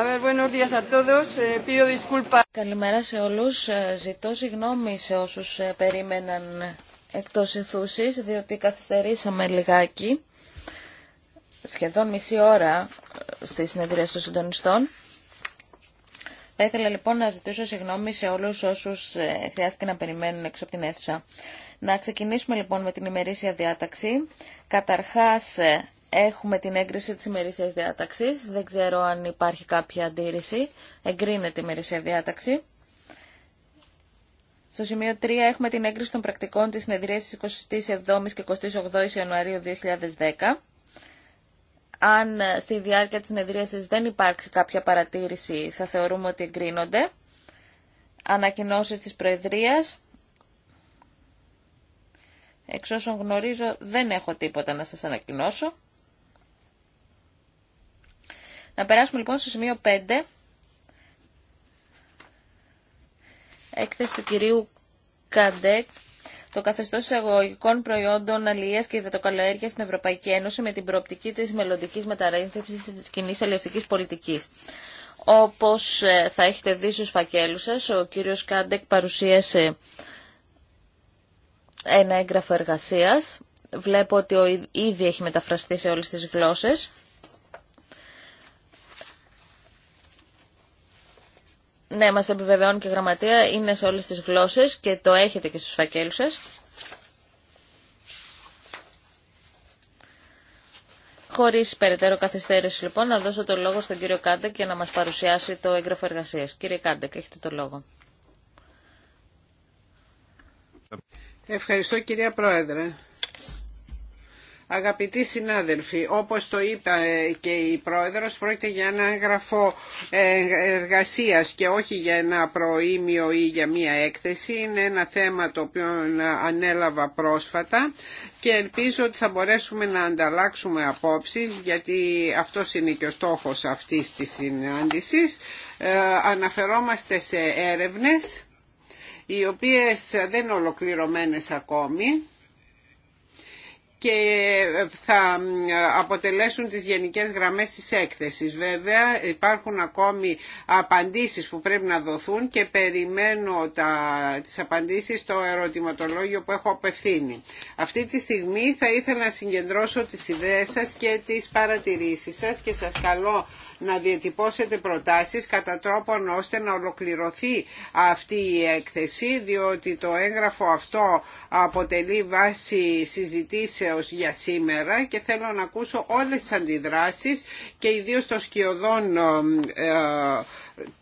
Eh, Καλημέρα σε όλους. Ε, ζητώ συγγνώμη σε όσους ε, περίμεναν εκτός εθούσης, διότι καθυστερήσαμε λιγάκι, σχεδόν μισή ώρα ε, στη συνεδρία των συντονιστών. Θα ήθελα λοιπόν να ζητήσω συγγνώμη σε όλους όσους χρειάστηκε να περιμένουν έξω από την αίθουσα. Να ξεκινήσουμε λοιπόν με την ημερήσια διάταξη. Καταρχάς Έχουμε την έγκριση της ημερησίας διάταξης. Δεν ξέρω αν υπάρχει κάποια αντίρρηση. Εγκρίνεται η ημερησία διάταξη. Στο σημείο 3 έχουμε την έγκριση των πρακτικών της συνεδρίας της 27ης και 28ης Ιανουαρίου 2010. Αν ε, στη διάρκεια της συνεδρίασης δεν υπάρξει κάποια παρατήρηση, θα θεωρούμε ότι εγκρίνονται. Ανακοινώσεις της Προεδρίας. Εξ όσων γνωρίζω δεν έχω τίποτα να σας ανακοινώσω. Να περάσουμε λοιπόν στο σημείο 5. Έκθεση του κυρίου Καντέκ το καθεστώ εισαγωγικών προϊόντων αλληλεία και υδατοκαλλιέργεια στην Ευρωπαϊκή Ένωση με την προοπτική τη μελλοντική μεταρρύθμιση τη κοινή αλληλευτική πολιτική. Όπω ε, θα έχετε δει στου φακέλου σα, ο κύριο Κάντεκ παρουσίασε ένα έγγραφο εργασία. Βλέπω ότι ήδη έχει μεταφραστεί σε όλε τι γλώσσε. Ναι, μας επιβεβαιώνει και η γραμματεία, είναι σε όλες τις γλώσσες και το έχετε και στους φακέλους σας. Χωρίς περαιτέρω καθυστέρηση λοιπόν, να δώσω το λόγο στον κύριο Κάντεκ για να μας παρουσιάσει το έγγραφο εργασίας. Κύριε Κάντεκ, έχετε το λόγο. Ευχαριστώ κυρία Πρόεδρε. Αγαπητοί συνάδελφοι, όπως το είπα ε, και η Πρόεδρος, πρόκειται για ένα έγγραφο ε, εργασίας και όχι για ένα προήμιο ή για μία έκθεση. Είναι ένα θέμα το οποίο ανέλαβα πρόσφατα και ελπίζω ότι θα μπορέσουμε να ανταλλάξουμε απόψεις γιατί αυτό είναι και ο στόχος αυτής της συνάντησης. Ε, αναφερόμαστε σε έρευνες οι οποίες δεν είναι ολοκληρωμένες ακόμη και θα αποτελέσουν τις γενικές γραμμές της έκθεσης. Βέβαια υπάρχουν ακόμη απαντήσεις που πρέπει να δοθούν και περιμένω τα, τις απαντήσεις στο ερωτηματολόγιο που έχω απευθύνει. Αυτή τη στιγμή θα ήθελα να συγκεντρώσω τις ιδέες σας και τις παρατηρήσεις σας και σας καλώ να διατυπώσετε προτάσεις κατά τρόπον ώστε να ολοκληρωθεί αυτή η έκθεση διότι το έγγραφο αυτό αποτελεί βάση συζητήσεων για σήμερα και θέλω να ακούσω όλες τις αντιδράσεις και ιδίως των σκιωδών ε, ε,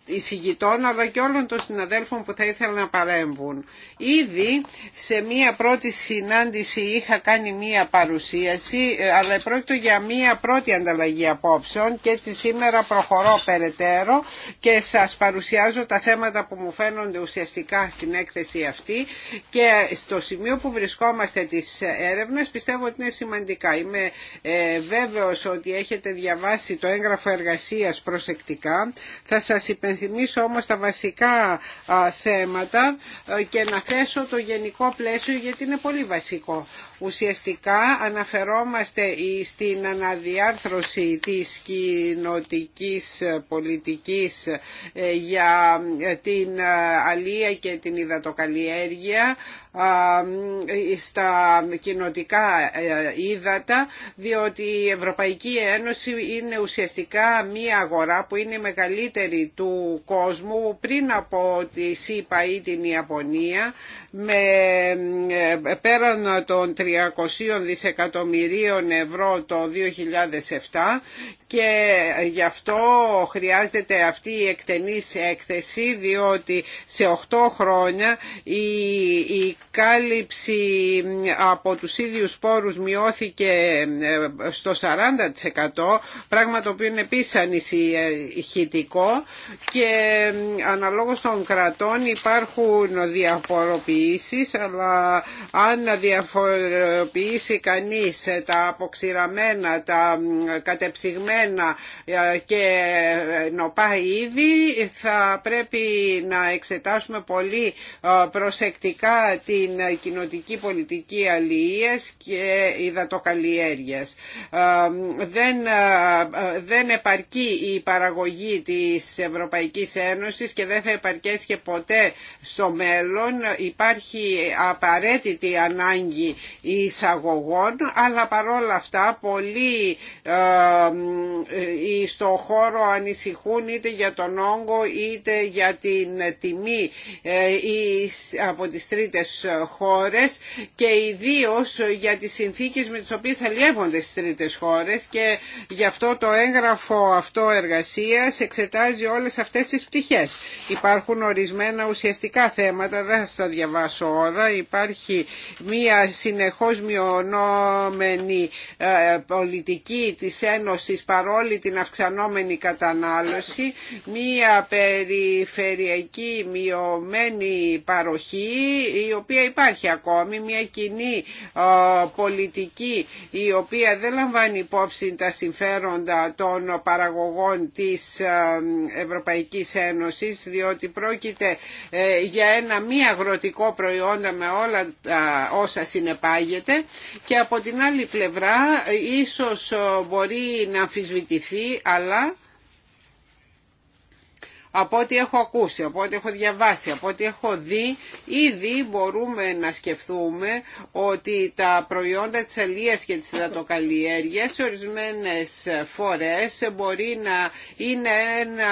εισηγητών αλλά και όλων των συναδέλφων που θα ήθελα να παρέμβουν. Ήδη σε μία πρώτη συνάντηση είχα κάνει μία παρουσίαση ε, αλλά πρόκειται για μία πρώτη ανταλλαγή απόψεων και έτσι σήμερα προχωρώ περαιτέρω και σας παρουσιάζω τα θέματα που μου φαίνονται ουσιαστικά στην έκθεση αυτή και στο σημείο που βρισκόμαστε τις έρευνες πιστεύω ότι είναι σημαντικά. Είμαι ε, βέβαιος ότι έχετε διαβάσει το έγγραφο εργασίας προσεκτικά. Θα σας υπενθυμίσω όμως τα βασικά θέματα ε, και να θέσω το γενικό πλαίσιο γιατί είναι πολύ βασικό. Ουσιαστικά αναφερόμαστε στην αναδιάρθρωση της κοινοτικής πολιτικής ε, για την ε, αλία και την υδατοκαλλιέργεια ε, στα κοινοτικά ύδατα διότι η Ευρωπαϊκή Ένωση είναι ουσιαστικά μία αγορά που είναι η μεγαλύτερη του κόσμου πριν από τη ΣΥΠΑ ή την Ιαπωνία με πέραν των 300 δισεκατομμυρίων ευρώ το 2007 και γι' αυτό χρειάζεται αυτή η εκτενής έκθεση διότι σε 8 χρόνια η, η κάλυψη από τους ίδιους πόρους μειώθηκε στο 40% πράγμα το οποίο είναι επίσης ανησυχητικό και αναλόγως των κρατών υπάρχουν διαφοροποιήσεις αλλά αν διαφορε χρησιμοποιήσει κανείς τα αποξηραμένα, τα κατεψυγμένα ε, και νοπά είδη θα πρέπει να εξετάσουμε πολύ ε, προσεκτικά την κοινοτική πολιτική αλληλείας και υδατοκαλλιέργειας. Ε, δεν, δεν επαρκεί η παραγωγή της Ευρωπαϊκής Ένωσης και δεν θα επαρκέσει και ποτέ στο μέλλον. Υπάρχει απαραίτητη ανάγκη εισαγωγών αλλά παρόλα αυτά πολλοί ε, στο χώρο ανησυχούν είτε για τον όγκο είτε για την τιμή ε, από τις τρίτες χώρες και ιδίως για τις συνθήκες με τις οποίες αλλιεύονται στις τρίτες χώρες και γι' αυτό το έγγραφο αυτό εργασίας εξετάζει όλες αυτές τις πτυχές. Υπάρχουν ορισμένα ουσιαστικά θέματα, δεν θα τα διαβάσω όλα. Υπάρχει μία συνεχώς μειωνόμενη ε, πολιτική της Ένωσης παρόλη την αυξανόμενη κατανάλωση, μία περιφερειακή μειωμένη παροχή η οποία υπάρχει ακόμη, μία κοινή ε, πολιτική η οποία δεν λαμβάνει υπόψη τα συμφέροντα των παραγωγών της ε, Ευρωπαϊκής Ένωσης διότι πρόκειται για ένα μη αγροτικό προϊόντα με όλα όσα συνεπάγει και από την άλλη πλευρά ίσως ε, μπορεί να αμφισβητηθεί αλλά από ό,τι έχω ακούσει, από ό,τι έχω διαβάσει, από ό,τι έχω δει, ήδη μπορούμε να σκεφτούμε ότι τα προϊόντα της αλίας και της υδατοκαλλιέργειας σε ορισμένες φορές μπορεί να είναι ένα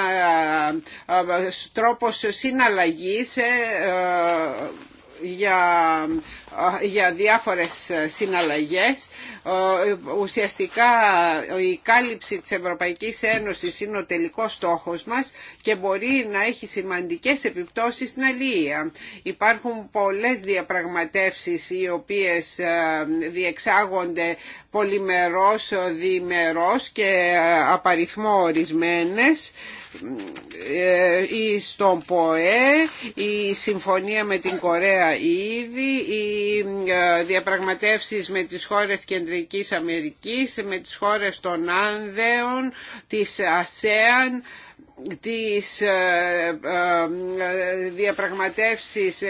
ε, ε, τρόπος συναλλαγής για, για διάφορες συναλλαγές. Ουσιαστικά η κάλυψη της Ευρωπαϊκής Ένωσης είναι ο τελικός στόχος μας και μπορεί να έχει σημαντικές επιπτώσεις στην αλληλεία. Υπάρχουν πολλές διαπραγματεύσεις οι οποίες ε, διεξάγονται πολυμερός, διημερός και ε, απαριθμό ορισμένες ε, ή στον ΠΟΕ, η συμφωνία με την Κορέα ήδη, οι ε, διαπραγματεύσεις με τις χώρες Κεντρικής Αμερικής, με τις χώρες των Άνδεων, της ΑΣΕΑΝ, τις ε, διαπραγματεύσεις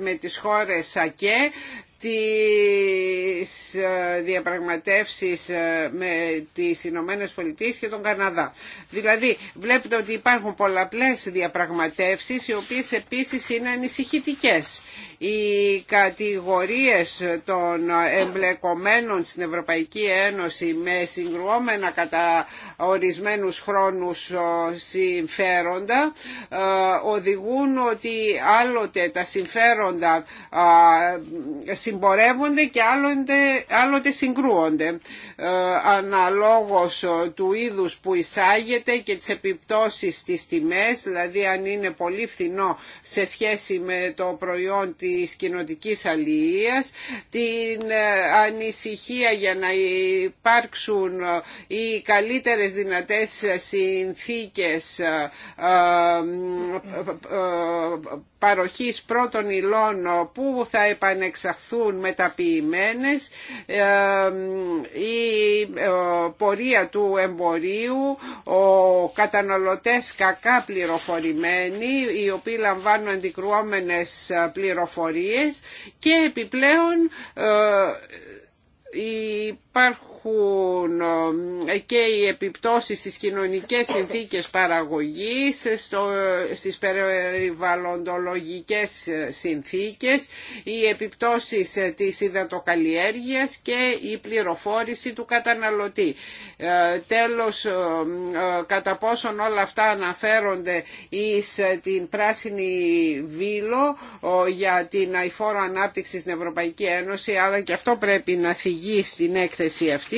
με τις χώρες Σακέ τις ε, διαπραγματεύσεις ε, με τις Ηνωμένε Πολιτείες και τον Καναδά. Δηλαδή βλέπετε ότι υπάρχουν πολλαπλές διαπραγματεύσεις οι οποίες επίσης είναι ανησυχητικές οι κατηγορίες των εμπλεκομένων στην Ευρωπαϊκή Ένωση με συγκρουόμενα κατά ορισμένους χρόνους ε, συμφέροντα ε, οδηγούν ότι άλλοτε τα συμφέροντα ε, συμπορεύονται και άλλοτε, άλλοτε συγκρούονται αναλόγως του είδους που εισάγεται και τις επιπτώσεις στις τιμές δηλαδή αν είναι πολύ φθηνό σε σχέση με το προϊόν τη της κοινοτικής αλληλείας, την ε, ανησυχία για να υπάρξουν ε, οι καλύτερες δυνατές συνθήκες ε, παροχής πρώτων υλών που θα επανεξαχθούν μεταποιημένες, η πορεία του εμπορίου, ο καταναλωτές κακά πληροφορημένοι, οι οποίοι λαμβάνουν αντικρουόμενες πληροφορίες, πληροφορίες και επιπλέον ε, υπάρχουν έχουν ε, και οι επιπτώσεις στις κοινωνικές συνθήκες παραγωγής, ε, στο, στις περιβαλλοντολογικές ε, συνθήκες, οι επιπτώσεις της υδατοκαλλιέργειας και η πληροφόρηση του καταναλωτή. Τέλος, κατά πόσον όλα αυτά αναφέρονται εις την πράσινη βήλο για την αηφόρο ανάπτυξη στην Ευρωπαϊκή Ένωση, αλλά και αυτό πρέπει να θυγεί στην έκθεση αυτή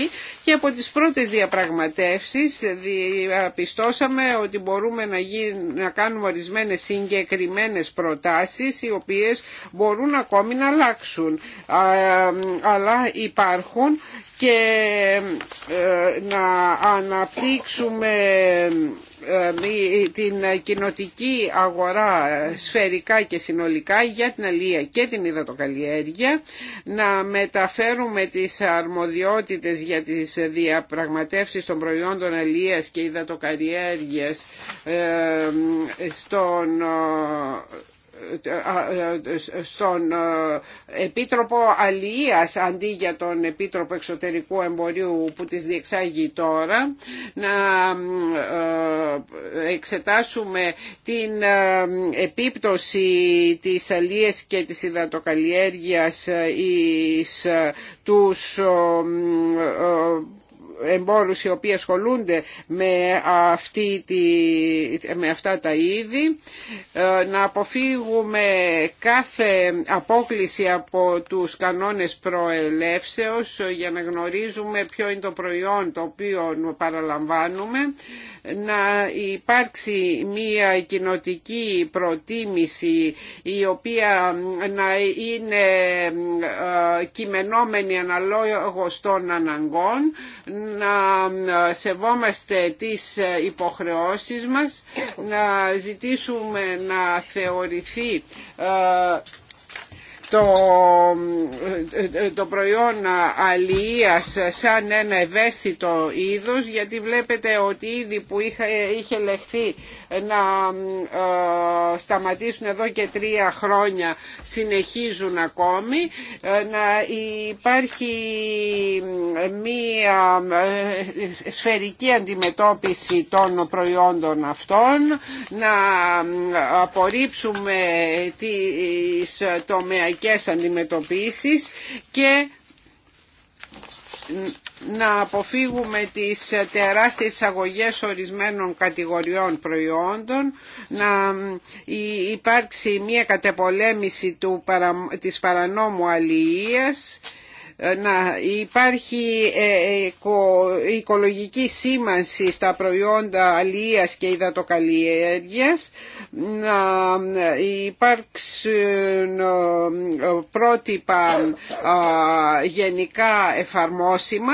και από τις πρώτες διαπραγματεύσεις διαπιστώσαμε ότι μπορούμε να, να κάνουμε ορισμένες συγκεκριμένες προτάσεις οι οποίες μπορούν ακόμη να αλλάξουν αλλά υπάρχουν και ε, να αναπτύξουμε ε, την κοινοτική αγορά σφαιρικά και συνολικά για την αλληλεία και την υδατοκαλλιέργεια, να μεταφέρουμε τις αρμοδιότητες για τις διαπραγματεύσεις των προϊόντων αλληλείας και υδατοκαλλιέργειας ε, στον στον ε, Επίτροπο Αλληλείας αντί για τον Επίτροπο Εξωτερικού Εμπορίου που τις διεξάγει τώρα να ε, εξετάσουμε την ε, επίπτωση της αλίες και της υδατοκαλλιέργειας εις τους εμπόρους οι οποίοι ασχολούνται με, αυτή τη, με αυτά τα είδη, ε, να αποφύγουμε κάθε απόκληση από τους κανόνες προελεύσεως για να γνωρίζουμε ποιο είναι το προϊόν το οποίο παραλαμβάνουμε, να υπάρξει μία κοινοτική προτίμηση η οποία να είναι ε, κειμενόμενη αναλόγως των αναγκών, να ε, σεβόμαστε τις ε, υποχρεώσεις μας, να ζητήσουμε να θεωρηθεί ε, το, το προϊόν αλληλείας σαν ένα ευαίσθητο είδος γιατί βλέπετε ότι ήδη που είχε, είχε λεχθεί να ε, σταματήσουν εδώ και τρία χρόνια συνεχίζουν ακόμη ε, να υπάρχει ε, μία σφαιρική αντιμετώπιση των προϊόντων αυτών να απορρίψουμε τις τομεακές αντιμετωπίσεις και να αποφύγουμε τις τεράστιες αγωγές ορισμένων κατηγοριών προϊόντων, να υπάρξει μια κατεπολέμηση του, της παρανόμου αλληλείας ε, να υπάρχει ε, οικολογική σήμανση στα προϊόντα αλίας και υδατοκαλλιέργειας, να ε, υπάρξουν πρότυπα γενικά εφαρμόσιμα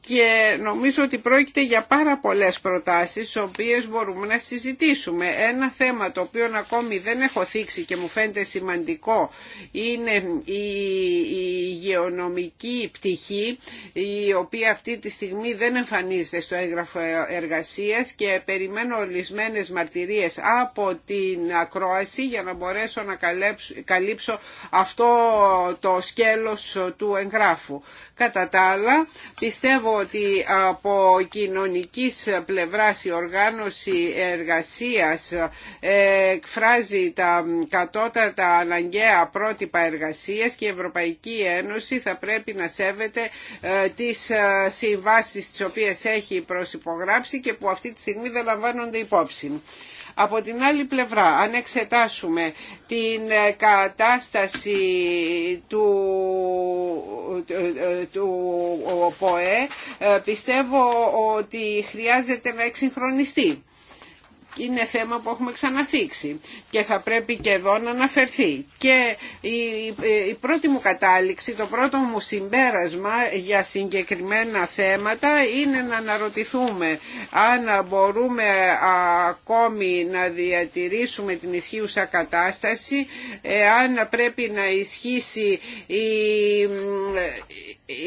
και νομίζω ότι πρόκειται για πάρα πολλές προτάσεις τις οποίες μπορούμε να συζητήσουμε. Ένα θέμα το οποίο ακόμη δεν έχω θίξει και μου φαίνεται σημαντικό είναι η, η πτυχή η οποία αυτή τη στιγμή δεν εμφανίζεται στο έγγραφο εργασίας και περιμένω ορισμένε μαρτυρίες από την ακρόαση για να μπορέσω να καλύψω αυτό το σκέλος του εγγράφου. Κατά τα άλλα, πιστεύω ότι από κοινωνικής πλευράς η οργάνωση εργασίας ε, εκφράζει τα κατώτατα αναγκαία πρότυπα εργασίας και η Ευρωπαϊκή Ένωση θα πρέπει να σέβεται ε, τις ε, συμβάσεις τις οποίες έχει προσυπογράψει και που αυτή τη στιγμή δεν λαμβάνονται υπόψη. Από την άλλη πλευρά, αν εξετάσουμε την ε, κατάσταση του, ε, ε, του ΠΟΕ, πιστεύω ότι χρειάζεται να εξυγχρονιστεί είναι θέμα που έχουμε ξαναθήξει και θα πρέπει και εδώ να αναφερθεί. Και η πρώτη μου κατάληξη, το πρώτο μου συμπέρασμα για συγκεκριμένα θέματα είναι να αναρωτηθούμε αν μπορούμε ακόμη να διατηρήσουμε την ισχύουσα κατάσταση, αν πρέπει να ισχύσει η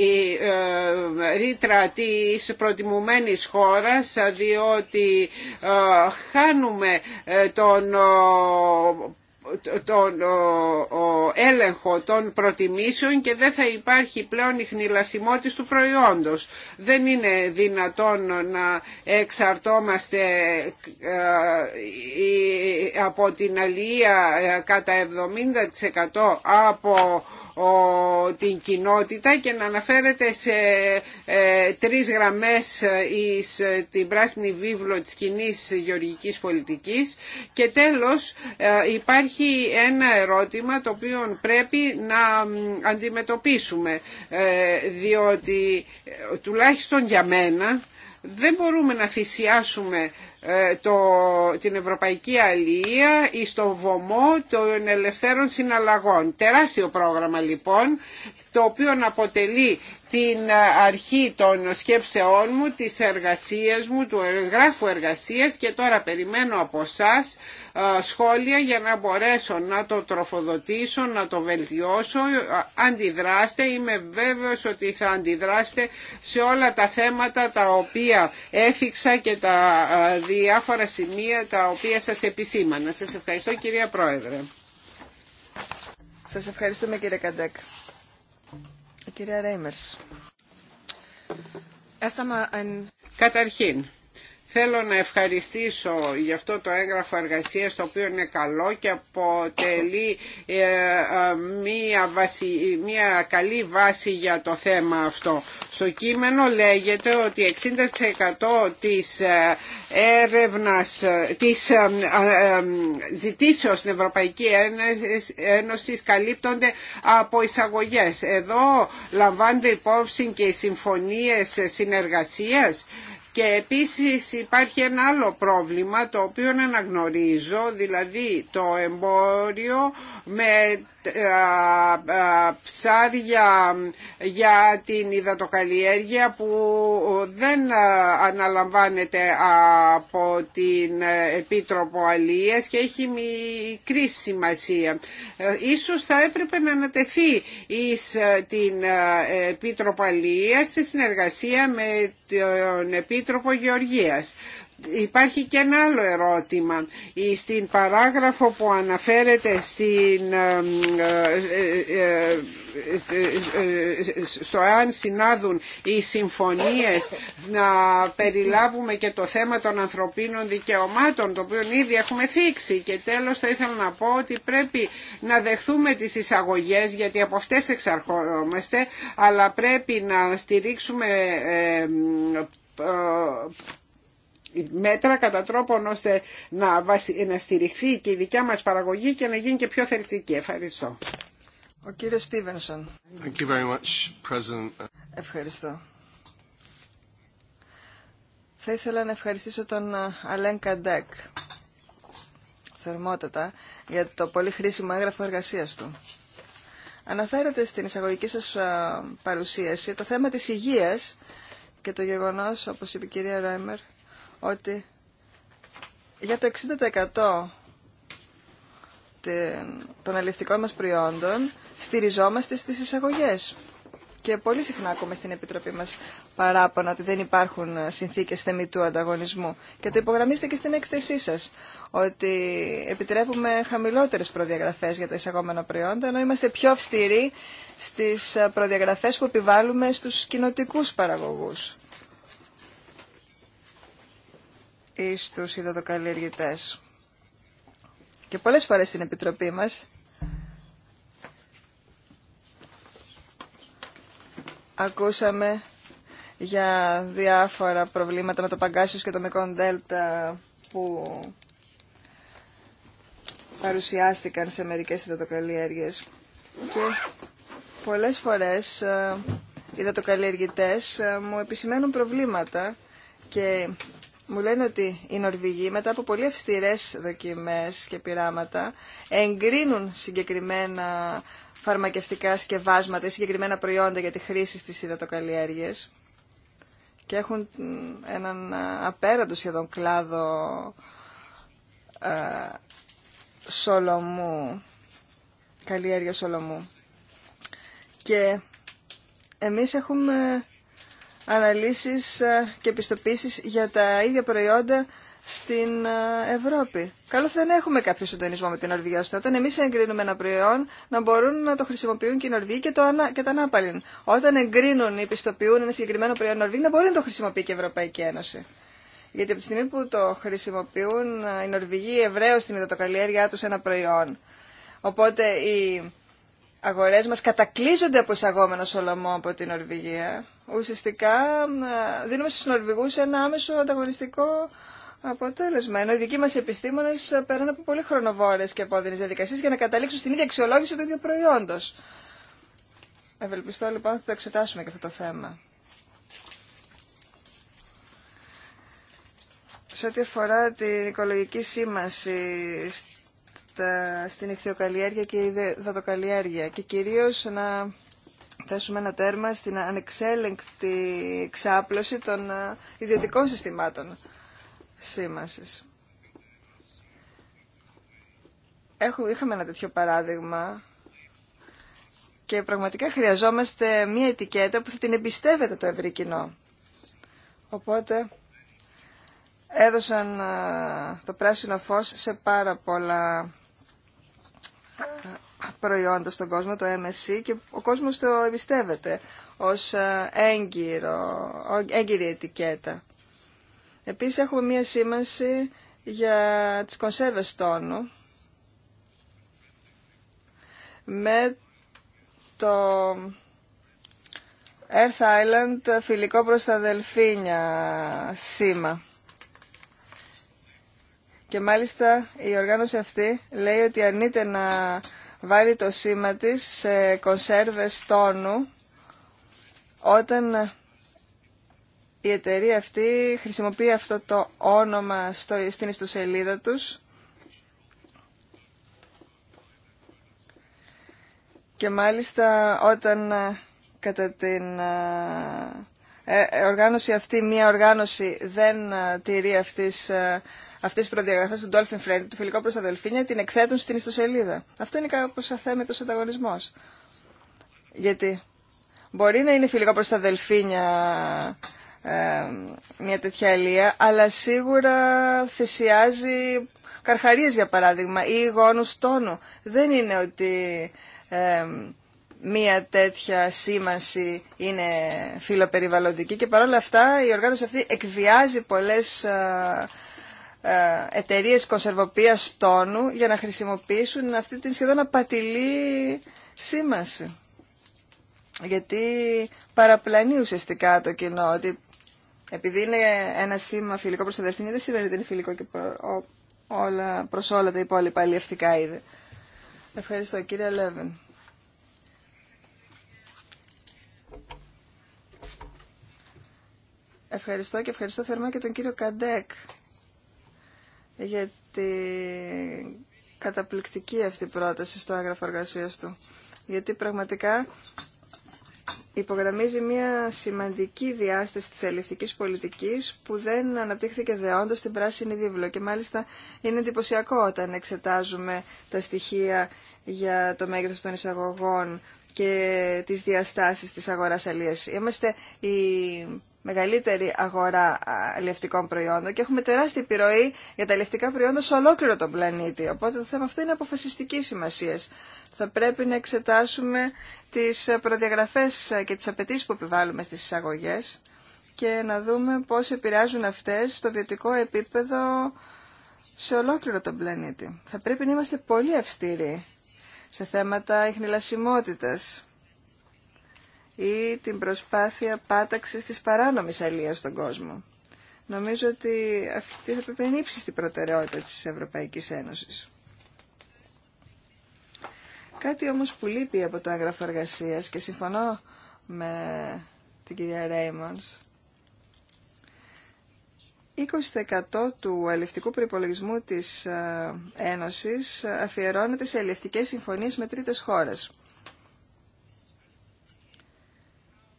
η ε, ρήτρα της προτιμουμένης χώρας διότι ε, χάνουμε ε, τον τον έλεγχο των προτιμήσεων και δεν θα υπάρχει πλέον η χνηλασιμότης του προϊόντος. Δεν είναι δυνατόν να εξαρτώμαστε από την αλληλεία κατά 70% από την κοινότητα και να αναφέρεται σε ε, τρεις γραμμές ε, εις ε, την πράσινη βίβλο της κοινή γεωργικής πολιτικής και τέλος υπάρχει ένα ερώτημα το οποίο πρέπει να αντιμετωπίσουμε διότι τουλάχιστον για μένα δεν μπορούμε να θυσιάσουμε ε, το, την Ευρωπαϊκή Αλία στο βωμό των ελευθέρων συναλλαγών. Τεράστιο πρόγραμμα λοιπόν, το οποίο αποτελεί την ε, αρχή των σκέψεών μου, της εργασίας μου, του γράφου εργασίας και τώρα περιμένω από εσά σχόλια για να μπορέσω να το τροφοδοτήσω, να το βελτιώσω. Αντιδράστε, είμαι βέβαιος ότι θα αντιδράστε σε όλα τα θέματα τα οποία έφυξα και τα ε, διάφορα σημεία τα οποία σας επισήμανα. Σας ευχαριστώ κυρία Πρόεδρε. Σας ευχαριστούμε κύριε Καντέκ. Κυρία Ρέιμερς. Καταρχήν, Θέλω να ευχαριστήσω για αυτό το έγγραφο εργασίας το οποίο είναι καλό και αποτελεί ε, ε, μια, μια καλή βάση για το θέμα αυτό. Στο κείμενο λέγεται ότι 60% της ε, έρευνας, της ζητήσεως στην Ευρωπαϊκή Ένωση καλύπτονται από εισαγωγές. Εδώ λαμβάνονται υπόψη και οι συμφωνίες συνεργασίας και επίσης υπάρχει ένα άλλο πρόβλημα το οποίο αναγνωρίζω, δηλαδή το εμπόριο με ε, ε, ψάρια για την υδατοκαλλιέργεια που δεν ε, αναλαμβάνεται από την Επίτροπο Αλίας και έχει μικρή σημασία. Ίσως θα έπρεπε να ανατεθεί εις την Επίτροπο Αλίας σε συνεργασία με τον Επίτροπο Γεωργίας. Υπάρχει και ένα άλλο ερώτημα. Στην παράγραφο που αναφέρεται στην, στο αν συνάδουν οι συμφωνίες να περιλάβουμε και το θέμα των ανθρωπίνων δικαιωμάτων το οποίο ήδη έχουμε θίξει και τέλος θα ήθελα να πω ότι πρέπει να δεχθούμε τις εισαγωγές γιατί από αυτές εξαρχόμαστε αλλά πρέπει να στηρίξουμε μέτρα κατά τρόπον ώστε να, να στηριχθεί και η δικιά μας παραγωγή και να γίνει και πιο θελκτική. Ευχαριστώ. Ο κύριος Στίβενσον. Ευχαριστώ. Θα ήθελα να ευχαριστήσω τον ε, Αλέν Καντέκ θερμότατα για το πολύ χρήσιμο έγγραφο εργασίας του. Αναφέρατε στην εισαγωγική σας ε, παρουσίαση το θέμα της υγείας και το γεγονός, όπως είπε η κυρία Ράιμερ, ότι για το 60% των αλληλευτικών μας προϊόντων στηριζόμαστε στις εισαγωγές. Και πολύ συχνά ακούμε στην Επιτροπή μας παράπονα ότι δεν υπάρχουν συνθήκες θεμητού ανταγωνισμού. Και το υπογραμμίστε και στην έκθεσή σας, ότι επιτρέπουμε χαμηλότερες προδιαγραφές για τα εισαγόμενα προϊόντα, ενώ είμαστε πιο αυστηροί στις προδιαγραφές που επιβάλλουμε στους κοινοτικούς παραγωγούς. ή στους υδατοκαλλιεργητές. Και πολλές φορές στην Επιτροπή μας ακούσαμε για διάφορα προβλήματα με το Παγκάσιος και το Μεκόν Δέλτα που παρουσιάστηκαν σε μερικές υδατοκαλλιέργειες. Και πολλές φορές ε, οι υδατοκαλλιεργητές ε, μου επισημαίνουν προβλήματα και μου λένε ότι οι Νορβηγοί μετά από πολύ αυστηρές δοκιμές και πειράματα εγκρίνουν συγκεκριμένα φαρμακευτικά σκευάσματα ή συγκεκριμένα προϊόντα για τη χρήση στις υδατοκαλλιέργειες και έχουν έναν απέραντο σχεδόν κλάδο ε, σολομού, καλλιέργεια σολομού. Και εμείς έχουμε αναλύσεις ε, και επιστοποίησεις για τα ίδια προϊόντα στην ε, Ευρώπη. Καλό θα να έχουμε κάποιο συντονισμό με την Νορβηγία, ώστε όταν εμεί εγκρίνουμε ένα προϊόν να μπορούν να το χρησιμοποιούν και οι Νορβηγοί και, το και τα Νάπαλιν. Όταν εγκρίνουν ή πιστοποιούν ένα συγκεκριμένο προϊόν Νορβηγοί, να μπορεί να το χρησιμοποιεί και η Ευρωπαϊκή Ένωση. Γιατί από τη στιγμή που το χρησιμοποιούν ε, οι Νορβηγοί ευρέω στην υδατοκαλλιέργειά του ένα προϊόν. Οπότε οι αγορέ μα κατακλείζονται από εισαγόμενο σολομό από την Ορβηγία ουσιαστικά δίνουμε στους Νορβηγούς ένα άμεσο ανταγωνιστικό αποτέλεσμα. Ενώ οι δικοί μας επιστήμονες πέραν από πολύ χρονοβόρες και επώδυνες διαδικασίες για να καταλήξουν στην ίδια αξιολόγηση του ίδιου προϊόντος. Ευελπιστώ λοιπόν ότι θα το εξετάσουμε και αυτό το θέμα. Σε ό,τι αφορά την οικολογική σήμανση στην ηχθειοκαλλιέργεια και η δατοκαλλιέργεια και κυρίως να θέσουμε ένα τέρμα στην ανεξέλεγκτη εξάπλωση των ε, ιδιωτικών συστημάτων σήμανσης. Έχουμε, είχαμε ένα τέτοιο παράδειγμα και πραγματικά χρειαζόμαστε μία ετικέτα που θα την εμπιστεύεται το ευρύ κοινό. Οπότε έδωσαν ε, το πράσινο φως σε πάρα πολλά ε, προϊόντα στον κόσμο, το MSC, και ο κόσμος το εμπιστεύεται ως ε, έγκυρο, έγκυρη ετικέτα. Επίσης έχουμε μία σήμανση για τις κονσέρβες τόνου με το Earth Island φιλικό προς τα Δελφίνια σήμα. Και μάλιστα η οργάνωση αυτή λέει ότι αρνείται να βάλει το σήμα της σε κονσέρβες τόνου όταν η εταιρεία αυτή χρησιμοποιεί αυτό το όνομα στο, στην ιστοσελίδα τους και μάλιστα όταν ε, κατά την ε, ε, οργάνωση αυτή, μία οργάνωση δεν τηρεί αυτής αυτέ τι προδιαγραφέ του Dolphin Friend, του φιλικό προ τα δελφίνια, την εκθέτουν στην ιστοσελίδα. Αυτό είναι κάπω αθέμητο ανταγωνισμό. Γιατί μπορεί να είναι φιλικό προ τα δελφίνια ε, μια τέτοια αιλία, αλλά σίγουρα θυσιάζει καρχαρίε, για παράδειγμα ή γονου τόνου. Δεν είναι ότι ε, μια τέτοια σήμανση είναι φιλοπεριβαλλοντική και παρόλα αυτά η οργάνωση αυτή εκβιάζει πολλές ε, ε, εταιρείε κονσερβοποίηση τόνου για να χρησιμοποιήσουν αυτή την σχεδόν απατηλή σήμαση. Γιατί παραπλανεί ουσιαστικά το κοινό ότι επειδή είναι ένα σήμα φιλικό προς τα δεν σημαίνει ότι είναι φιλικό και προ, όλα, προς όλα τα υπόλοιπα αλλιευτικά είδη. Ευχαριστώ κύριε Λέβεν. Ευχαριστώ και ευχαριστώ θερμά και τον κύριο Καντέκ για την καταπληκτική αυτή πρόταση στο άγραφο εργασία του. Γιατί πραγματικά υπογραμμίζει μια σημαντική διάσταση της ελληνικής πολιτικής που δεν αναπτύχθηκε δεόντως στην πράσινη βίβλο και μάλιστα είναι εντυπωσιακό όταν εξετάζουμε τα στοιχεία για το μέγεθος των εισαγωγών και τις διαστάσεις της αγοράς αλίας. Είμαστε η μεγαλύτερη αγορά λευτικών προϊόντων και έχουμε τεράστια επιρροή για τα λευτικά προϊόντα σε ολόκληρο τον πλανήτη. Οπότε το θέμα αυτό είναι αποφασιστική σημασία. Θα πρέπει να εξετάσουμε τις προδιαγραφέ και τις απαιτήσει που επιβάλλουμε στις εισαγωγέ και να δούμε πώς επηρεάζουν αυτές στο βιωτικό επίπεδο σε ολόκληρο τον πλανήτη. Θα πρέπει να είμαστε πολύ αυστηροί σε θέματα ιχνηλασιμότητας ή την προσπάθεια πάταξης της παράνομης αλίας στον κόσμο. Νομίζω ότι αυτή θα πρέπει να είναι ύψιστη προτεραιότητα της Ευρωπαϊκής Ένωσης. Κάτι όμως που λείπει από το έγγραφο εργασία και συμφωνώ με την κυρία Ρέιμονς, 20% του αλληλευτικού προϋπολογισμού της ε, Ένωσης αφιερώνεται σε αλληλευτικές συμφωνίες με τρίτες χώρες.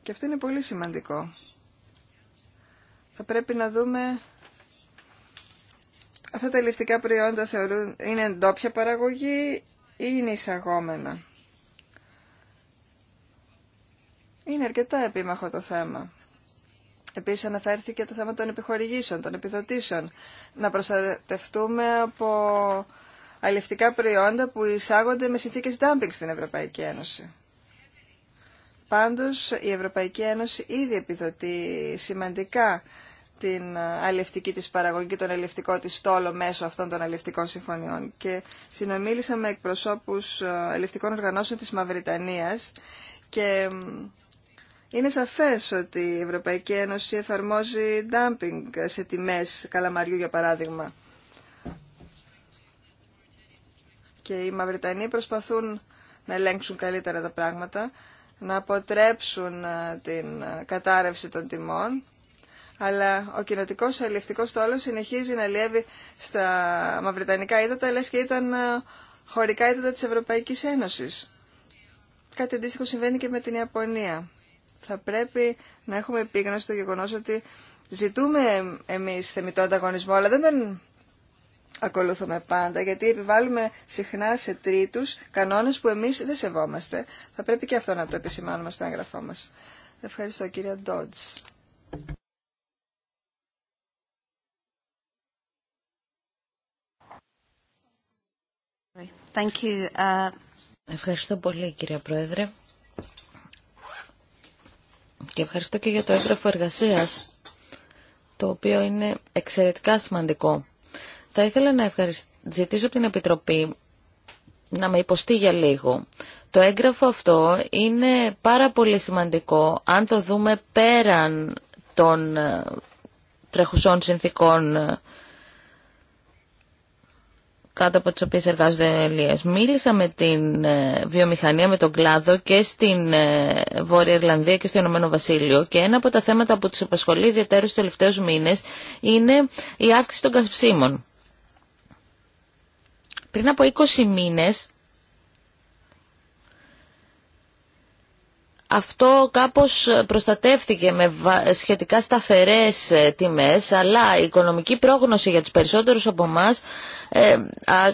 Και αυτό είναι πολύ σημαντικό. Θα πρέπει να δούμε αυτά τα ληφτικά προϊόντα θεωρούν είναι ντόπια παραγωγή ή είναι εισαγόμενα. Είναι αρκετά επίμαχο το θέμα. Επίσης αναφέρθηκε το θέμα των επιχορηγήσεων, των επιδοτήσεων. Να προστατευτούμε από αληφτικά προϊόντα που εισάγονται με συνθήκες dumping στην Ευρωπαϊκή Ένωση. Πάντως η Ευρωπαϊκή Ένωση ήδη επιδοτεί σημαντικά την αλληλευτική της παραγωγή και τον αλληλευτικό της στόλο μέσω αυτών των αλληλευτικών συμφωνιών. Και συνομίλησα με εκπροσώπους ε, αλληλευτικών οργανώσεων της Μαυριτανίας και είναι σαφές ότι η Ευρωπαϊκή Ένωση εφαρμόζει dumping σε τιμές καλαμαριού για παράδειγμα. Και οι Μαυριτανοί προσπαθούν να ελέγξουν καλύτερα τα πράγματα, να αποτρέψουν ε, την ε, κατάρρευση των τιμών, αλλά ο κοινοτικό αλληλευτικός στόλος συνεχίζει να λιεύει στα μαυριτανικά ύδατα, λες και ήταν ε, χωρικά ύδατα της Ευρωπαϊκής Ένωσης. Κάτι αντίστοιχο συμβαίνει και με την Ιαπωνία. Θα πρέπει να έχουμε επίγνωση το γεγονός ότι ζητούμε εμείς θεμητό ανταγωνισμό, αλλά δεν τον ακολουθούμε πάντα, γιατί επιβάλλουμε συχνά σε τρίτους κανόνες που εμείς δεν σεβόμαστε. Θα πρέπει και αυτό να το επισημάνουμε στο έγγραφό μας. Ευχαριστώ κύριε Ντότζ. Uh, ευχαριστώ πολύ κύριε Πρόεδρε και ευχαριστώ και για το έγγραφο εργασίας το οποίο είναι εξαιρετικά σημαντικό θα ήθελα να ζητήσω από την Επιτροπή να με υποστεί για λίγο. Το έγγραφο αυτό είναι πάρα πολύ σημαντικό αν το δούμε πέραν των ε, τρεχουσών συνθήκων ε, κάτω από τις οποίες εργάζονται οι Μίλησα με την ε, βιομηχανία, με τον κλάδο και στην Βόρεια Ιρλανδία και στο Ηνωμένο Βασίλειο και ένα από τα θέματα που τους απασχολεί ιδιαίτερως στους τελευταίους μήνες είναι η αύξηση των καυσίμων. Πριν από 20 μήνες αυτό κάπως προστατεύθηκε με σχετικά σταθερές ε, τιμές, αλλά η οικονομική πρόγνωση για τους περισσότερους από εμά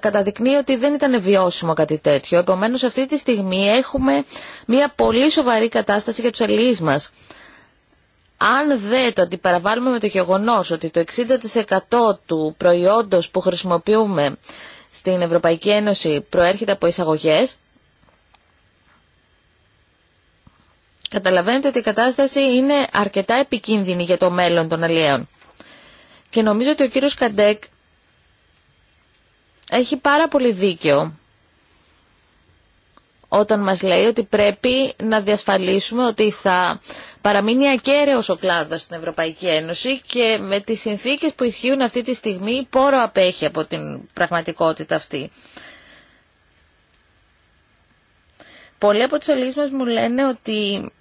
καταδεικνύει ότι δεν ήταν βιώσιμο κάτι τέτοιο. Επομένως αυτή τη στιγμή έχουμε μια πολύ σοβαρή κατάσταση για τους αλληλείς μας. Αν δε το αντιπαραβάλλουμε με το γεγονός ότι το 60% του προϊόντος που χρησιμοποιούμε στην Ευρωπαϊκή Ένωση προέρχεται από εισαγωγές, καταλαβαίνετε ότι η κατάσταση είναι αρκετά επικίνδυνη για το μέλλον των αλλιέων. Και νομίζω ότι ο κύριος Καντέκ έχει πάρα πολύ δίκιο όταν μας λέει ότι πρέπει να διασφαλίσουμε ότι θα παραμείνει ακέραιος ο κλάδος στην Ευρωπαϊκή Ένωση και με τις συνθήκες που ισχύουν αυτή τη στιγμή πόρο απέχει από την πραγματικότητα αυτή. Πολλοί από τις ολίες μας μου λένε ότι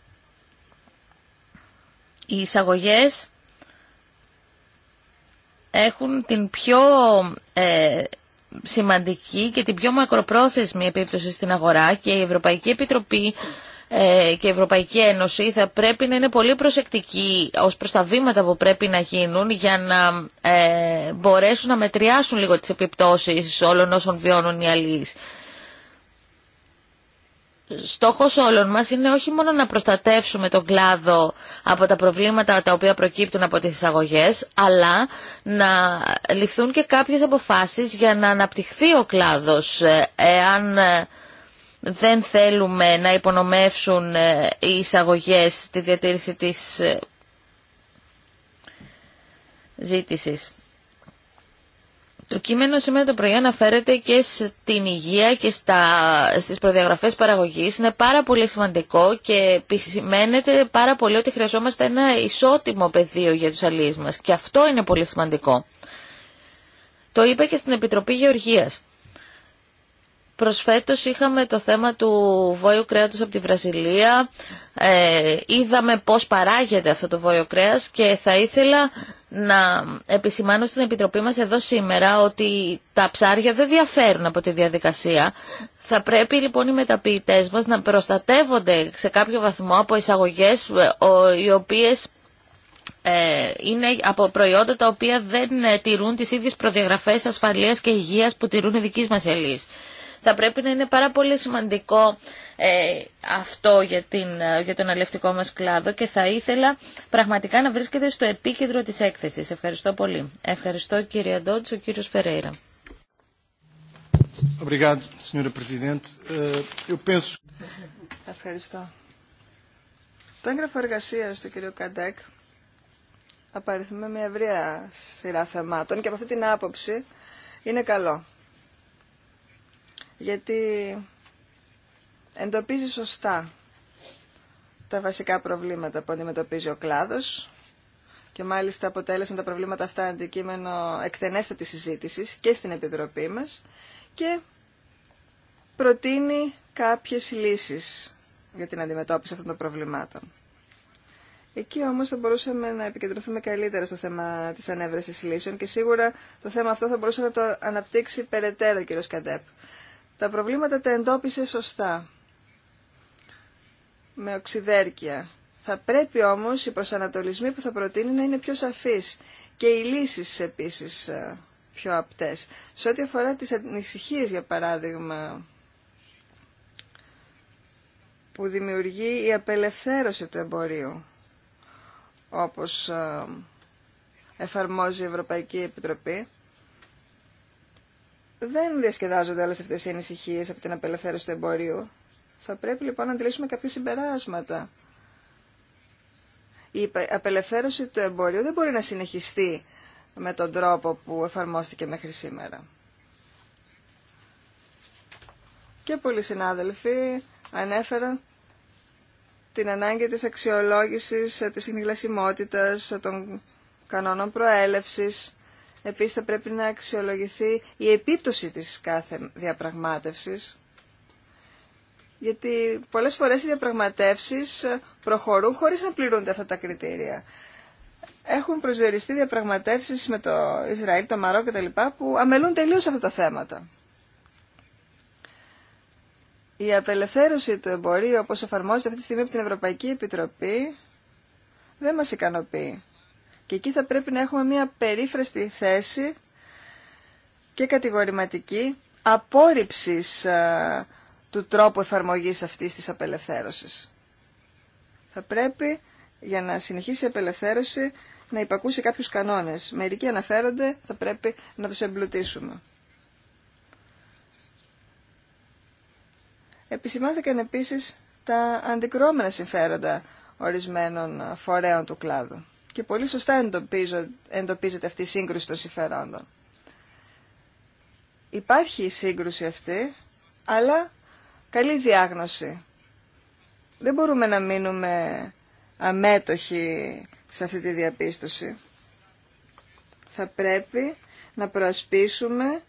οι εισαγωγές έχουν την πιο ε, σημαντική και την πιο μακροπρόθεσμη επίπτωση στην αγορά και η Ευρωπαϊκή Επιτροπή ε, και η Ευρωπαϊκή Ένωση θα πρέπει να είναι πολύ προσεκτική ως προς τα βήματα που πρέπει να γίνουν για να ε, μπορέσουν να μετριάσουν λίγο τις επιπτώσεις όλων όσων βιώνουν οι αλληλείς. Στόχος όλων μας είναι όχι μόνο να προστατεύσουμε τον κλάδο από τα προβλήματα τα οποία προκύπτουν από τις εισαγωγές, αλλά να ληφθούν και κάποιες αποφάσεις για να αναπτυχθεί ο κλάδος ε, εάν δεν θέλουμε να υπονομεύσουν ε, οι εισαγωγές τη διατήρηση της ε, ζήτησης. Το κείμενο σήμερα το πρωί αναφέρεται και στην υγεία και στα, στις προδιαγραφές παραγωγής. Είναι πάρα πολύ σημαντικό και επισημαίνεται πάρα πολύ ότι χρειαζόμαστε ένα ισότιμο πεδίο για τους αλληλείς μας. Και αυτό είναι πολύ σημαντικό. Το είπα και στην Επιτροπή Γεωργίας. Προσφέτως είχαμε το θέμα του βόλου κρέατος από τη Βραζιλία. Ε, είδαμε πώς παράγεται αυτό το βόλιο κρέας και θα ήθελα να επισημάνω στην Επιτροπή μας εδώ σήμερα ότι τα ψάρια δεν διαφέρουν από τη διαδικασία. Θα πρέπει λοιπόν οι μεταποιητές μας να προστατεύονται σε κάποιο βαθμό από εισαγωγές ε, οι οποίες ε, είναι από προϊόντα τα οποία δεν τηρούν τις ίδιες προδιαγραφές ασφαλείας και υγείας που τηρούν οι δικοί μας ελίες θα πρέπει να είναι πάρα πολύ σημαντικό ε, αυτό για, την, ε, για τον αλληλευτικό μας κλάδο και θα ήθελα πραγματικά να βρίσκεται στο επίκεντρο της έκθεσης. Ευχαριστώ πολύ. Ευχαριστώ κύριε ο κύριος Φερέιρα. Ε, Ευχαριστώ. Το έγγραφο εργασία του κύριου Καντέκ απαριθμεί μια ευρεία σειρά θεμάτων και από αυτή την άποψη είναι καλό γιατί εντοπίζει σωστά τα βασικά προβλήματα που αντιμετωπίζει ο κλάδος και μάλιστα αποτέλεσαν τα προβλήματα αυτά αντικείμενο εκτενέστατη συζήτησης και στην Επιτροπή μας και προτείνει κάποιες λύσεις για την αντιμετώπιση αυτών των προβλημάτων. Εκεί όμως θα μπορούσαμε να επικεντρωθούμε καλύτερα στο θέμα της ανέβρεσης λύσεων και σίγουρα το θέμα αυτό θα μπορούσε να το αναπτύξει περαιτέρω ο κ. Καντέπ. Τα προβλήματα τα εντόπισε σωστά, με οξυδέρκεια. Θα πρέπει όμως οι προσανατολισμοί που θα προτείνει να είναι πιο σαφείς και οι λύσεις επίσης ε, πιο απτές. Σε ό,τι αφορά τις ανησυχίε, για παράδειγμα, που δημιουργεί η απελευθέρωση του εμπορίου, όπως ε, εφαρμόζει η Ευρωπαϊκή Επιτροπή, δεν διασκεδάζονται όλε αυτέ οι ανησυχίε από την απελευθέρωση του εμπορίου. Θα πρέπει λοιπόν να αντιλήσουμε κάποια συμπεράσματα. Η απελευθέρωση του εμπορίου δεν μπορεί να συνεχιστεί με τον τρόπο που εφαρμόστηκε μέχρι σήμερα. Και πολλοί συνάδελφοι ανέφεραν την ανάγκη της αξιολόγησης ε, της συγκλασιμότητας ε, των κανόνων προέλευσης Επίσης θα πρέπει να αξιολογηθεί η επίπτωση της κάθε διαπραγμάτευσης, γιατί πολλές φορές οι διαπραγματεύσεις προχωρούν χωρίς να πληρούνται αυτά τα κριτήρια. Έχουν προσδιοριστεί διαπραγματεύσεις με το Ισραήλ, το Μαρό κτλ. που αμελούν τελείως αυτά τα θέματα. Η απελευθέρωση του εμπορίου όπως εφαρμόζεται αυτή τη στιγμή από την Ευρωπαϊκή Επιτροπή δεν μας ικανοποιεί. Και εκεί θα πρέπει να έχουμε μια περίφραστη θέση και κατηγορηματική απόρριψης ε, του τρόπου εφαρμογής αυτής της απελευθέρωσης. Θα πρέπει για να συνεχίσει η απελευθέρωση να υπακούσει κάποιους κανόνες. Μερικοί αναφέρονται, θα πρέπει να τους εμπλουτίσουμε. Επισημάθηκαν επίσης τα αντικρώμενα συμφέροντα ορισμένων φορέων του κλάδου και πολύ σωστά εντοπίζεται αυτή η σύγκρουση των συμφερόντων. Υπάρχει η σύγκρουση αυτή, αλλά καλή διάγνωση. Δεν μπορούμε να μείνουμε αμέτωχοι σε αυτή τη διαπίστωση. Θα πρέπει να προασπίσουμε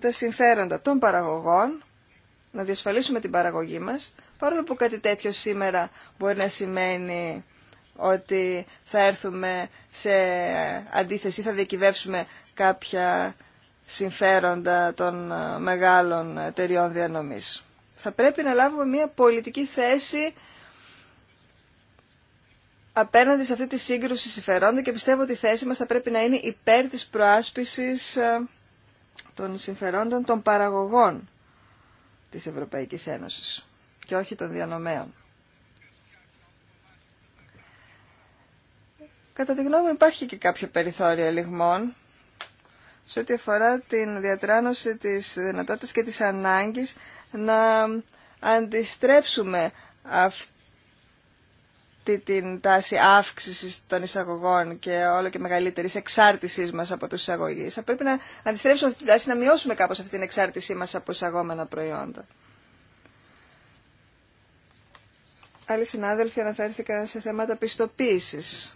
τα συμφέροντα των παραγωγών, να διασφαλίσουμε την παραγωγή μας, παρόλο που κάτι τέτοιο σήμερα μπορεί να σημαίνει ότι θα έρθουμε σε αντίθεση, θα διακυβεύσουμε κάποια συμφέροντα των ε, μεγάλων εταιριών διανομής. Θα πρέπει να λάβουμε μια πολιτική θέση απέναντι σε αυτή τη σύγκρουση συμφερόντων και πιστεύω ότι η θέση μας θα πρέπει να είναι υπέρ της προάσπισης ε, των συμφερόντων των παραγωγών της Ευρωπαϊκής Ένωσης και όχι των διανομέων. Κατά τη γνώμη μου υπάρχει και κάποιο περιθώριο λιγμών σε ό,τι αφορά την διατράνωση της δυνατότητας και της ανάγκης να αντιστρέψουμε αυτή την τάση αύξησης των εισαγωγών και όλο και μεγαλύτερης εξάρτησής μας από τους εισαγωγείς. Θα πρέπει να αντιστρέψουμε αυτή την τάση, να μειώσουμε κάπως αυτή την εξάρτησή μας από εισαγόμενα προϊόντα. Άλλοι συνάδελφοι αναφέρθηκαν σε θέματα πιστοποίησης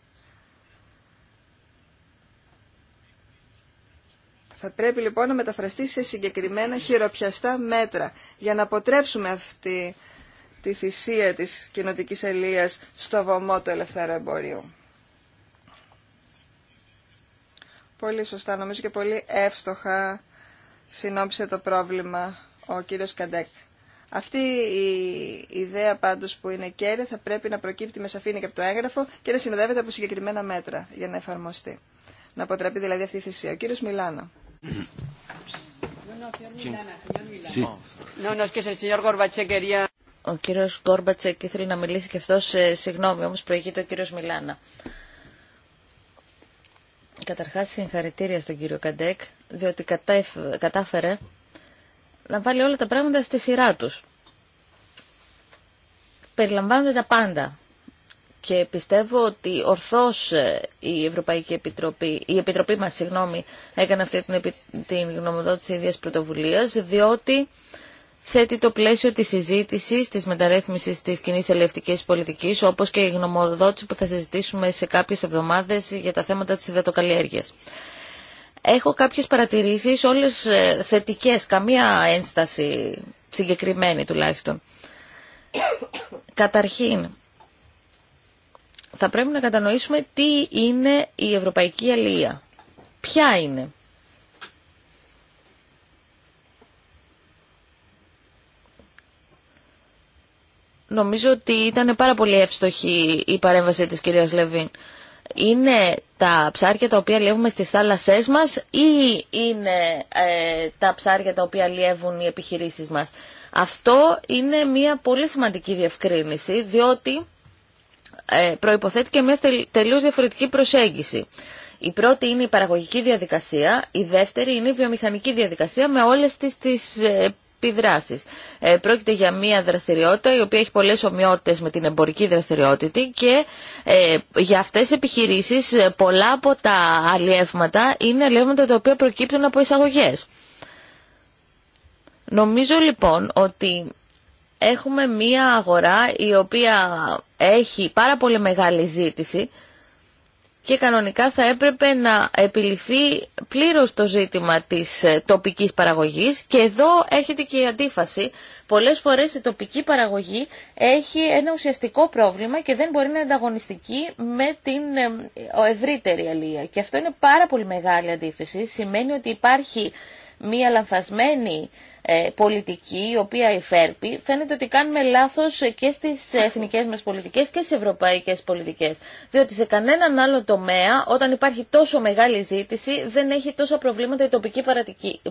Θα πρέπει λοιπόν να μεταφραστεί σε συγκεκριμένα χειροπιαστά μέτρα για να αποτρέψουμε αυτή τη θυσία της κοινοτική ελίας στο βωμό του ελευθέρου εμπορίου. Πολύ σωστά, νομίζω και πολύ εύστοχα συνόψε το πρόβλημα ο κύριος Καντέκ. Αυτή η ιδέα πάντως που είναι κέρια θα πρέπει να προκύπτει με σαφήνεια και από το έγγραφο και να συνοδεύεται από συγκεκριμένα μέτρα για να εφαρμοστεί. Να αποτραπεί δηλαδή αυτή η θυσία. Ο κύριος Μιλάνα. Ο κύριος Γκόρμπατσεκ ήθελε να μιλήσει και αυτός, ε, συγγνώμη, όμως προηγείται ο κύριος Μιλάνα. Καταρχάς, συγχαρητήρια στον κύριο Καντέκ, διότι κατάφερε να βάλει όλα τα πράγματα στη σειρά τους. Περιλαμβάνονται τα πάντα και πιστεύω ότι ορθώς ε, η Ευρωπαϊκή Επιτροπή, η Επιτροπή μας, συγγνώμη, έκανε αυτή την, την γνωμοδότηση ίδιας πρωτοβουλίας, διότι θέτει το πλαίσιο της συζήτησης, της μεταρρύθμισης της κοινής ελευτικής πολιτικής, όπως και η γνωμοδότηση που θα συζητήσουμε σε κάποιες εβδομάδες για τα θέματα της υδατοκαλλιέργειας. Έχω κάποιες παρατηρήσεις, όλες ε, θετικές, καμία ένσταση συγκεκριμένη τουλάχιστον. Καταρχήν, θα πρέπει να κατανοήσουμε τι είναι η ευρωπαϊκή αλία; Ποια είναι. Νομίζω ότι ήταν πάρα πολύ εύστοχη η παρέμβαση της κυρίας Λεβίν. Είναι τα ψάρια τα οποία λεύουμε στις θάλασσές μας ή είναι ε, τα ψάρια τα οποία λιώνουν οι επιχειρήσεις μας. Αυτό είναι μια πολύ σημαντική διευκρίνηση διότι ε, προϋποθέτει και μια τελείως διαφορετική προσέγγιση. Η πρώτη είναι η παραγωγική διαδικασία, η δεύτερη είναι η βιομηχανική διαδικασία με όλες τις, τις ε, επιδράσεις. Ε, πρόκειται για μια δραστηριότητα η οποία έχει πολλές ομοιότητες με την εμπορική δραστηριότητα και για αυτές τις επιχειρήσεις πολλά από τα αλλιεύματα είναι αλλιεύματα τα οποία προκύπτουν από εισαγωγές. Νομίζω λοιπόν ότι έχουμε μία αγορά η οποία έχει πάρα πολύ μεγάλη ζήτηση και κανονικά θα έπρεπε να επιληθεί πλήρως το ζήτημα της ε, τοπικής παραγωγής και εδώ έχετε και η αντίφαση. Πολλές φορές η τοπική παραγωγή έχει ένα ουσιαστικό πρόβλημα και δεν μπορεί να είναι ανταγωνιστική με την ε, ευρύτερη αλληλεία. Και αυτό είναι πάρα πολύ μεγάλη αντίφαση. Σημαίνει ότι υπάρχει μία λανθασμένη ε, πολιτική, η οποία υφέρπει, φαίνεται ότι κάνουμε λάθος και στις εθνικές μας πολιτικές και στις ευρωπαϊκές πολιτικές. Διότι σε κανέναν άλλο τομέα, όταν υπάρχει τόσο μεγάλη ζήτηση, δεν έχει τόσα προβλήματα η τοπική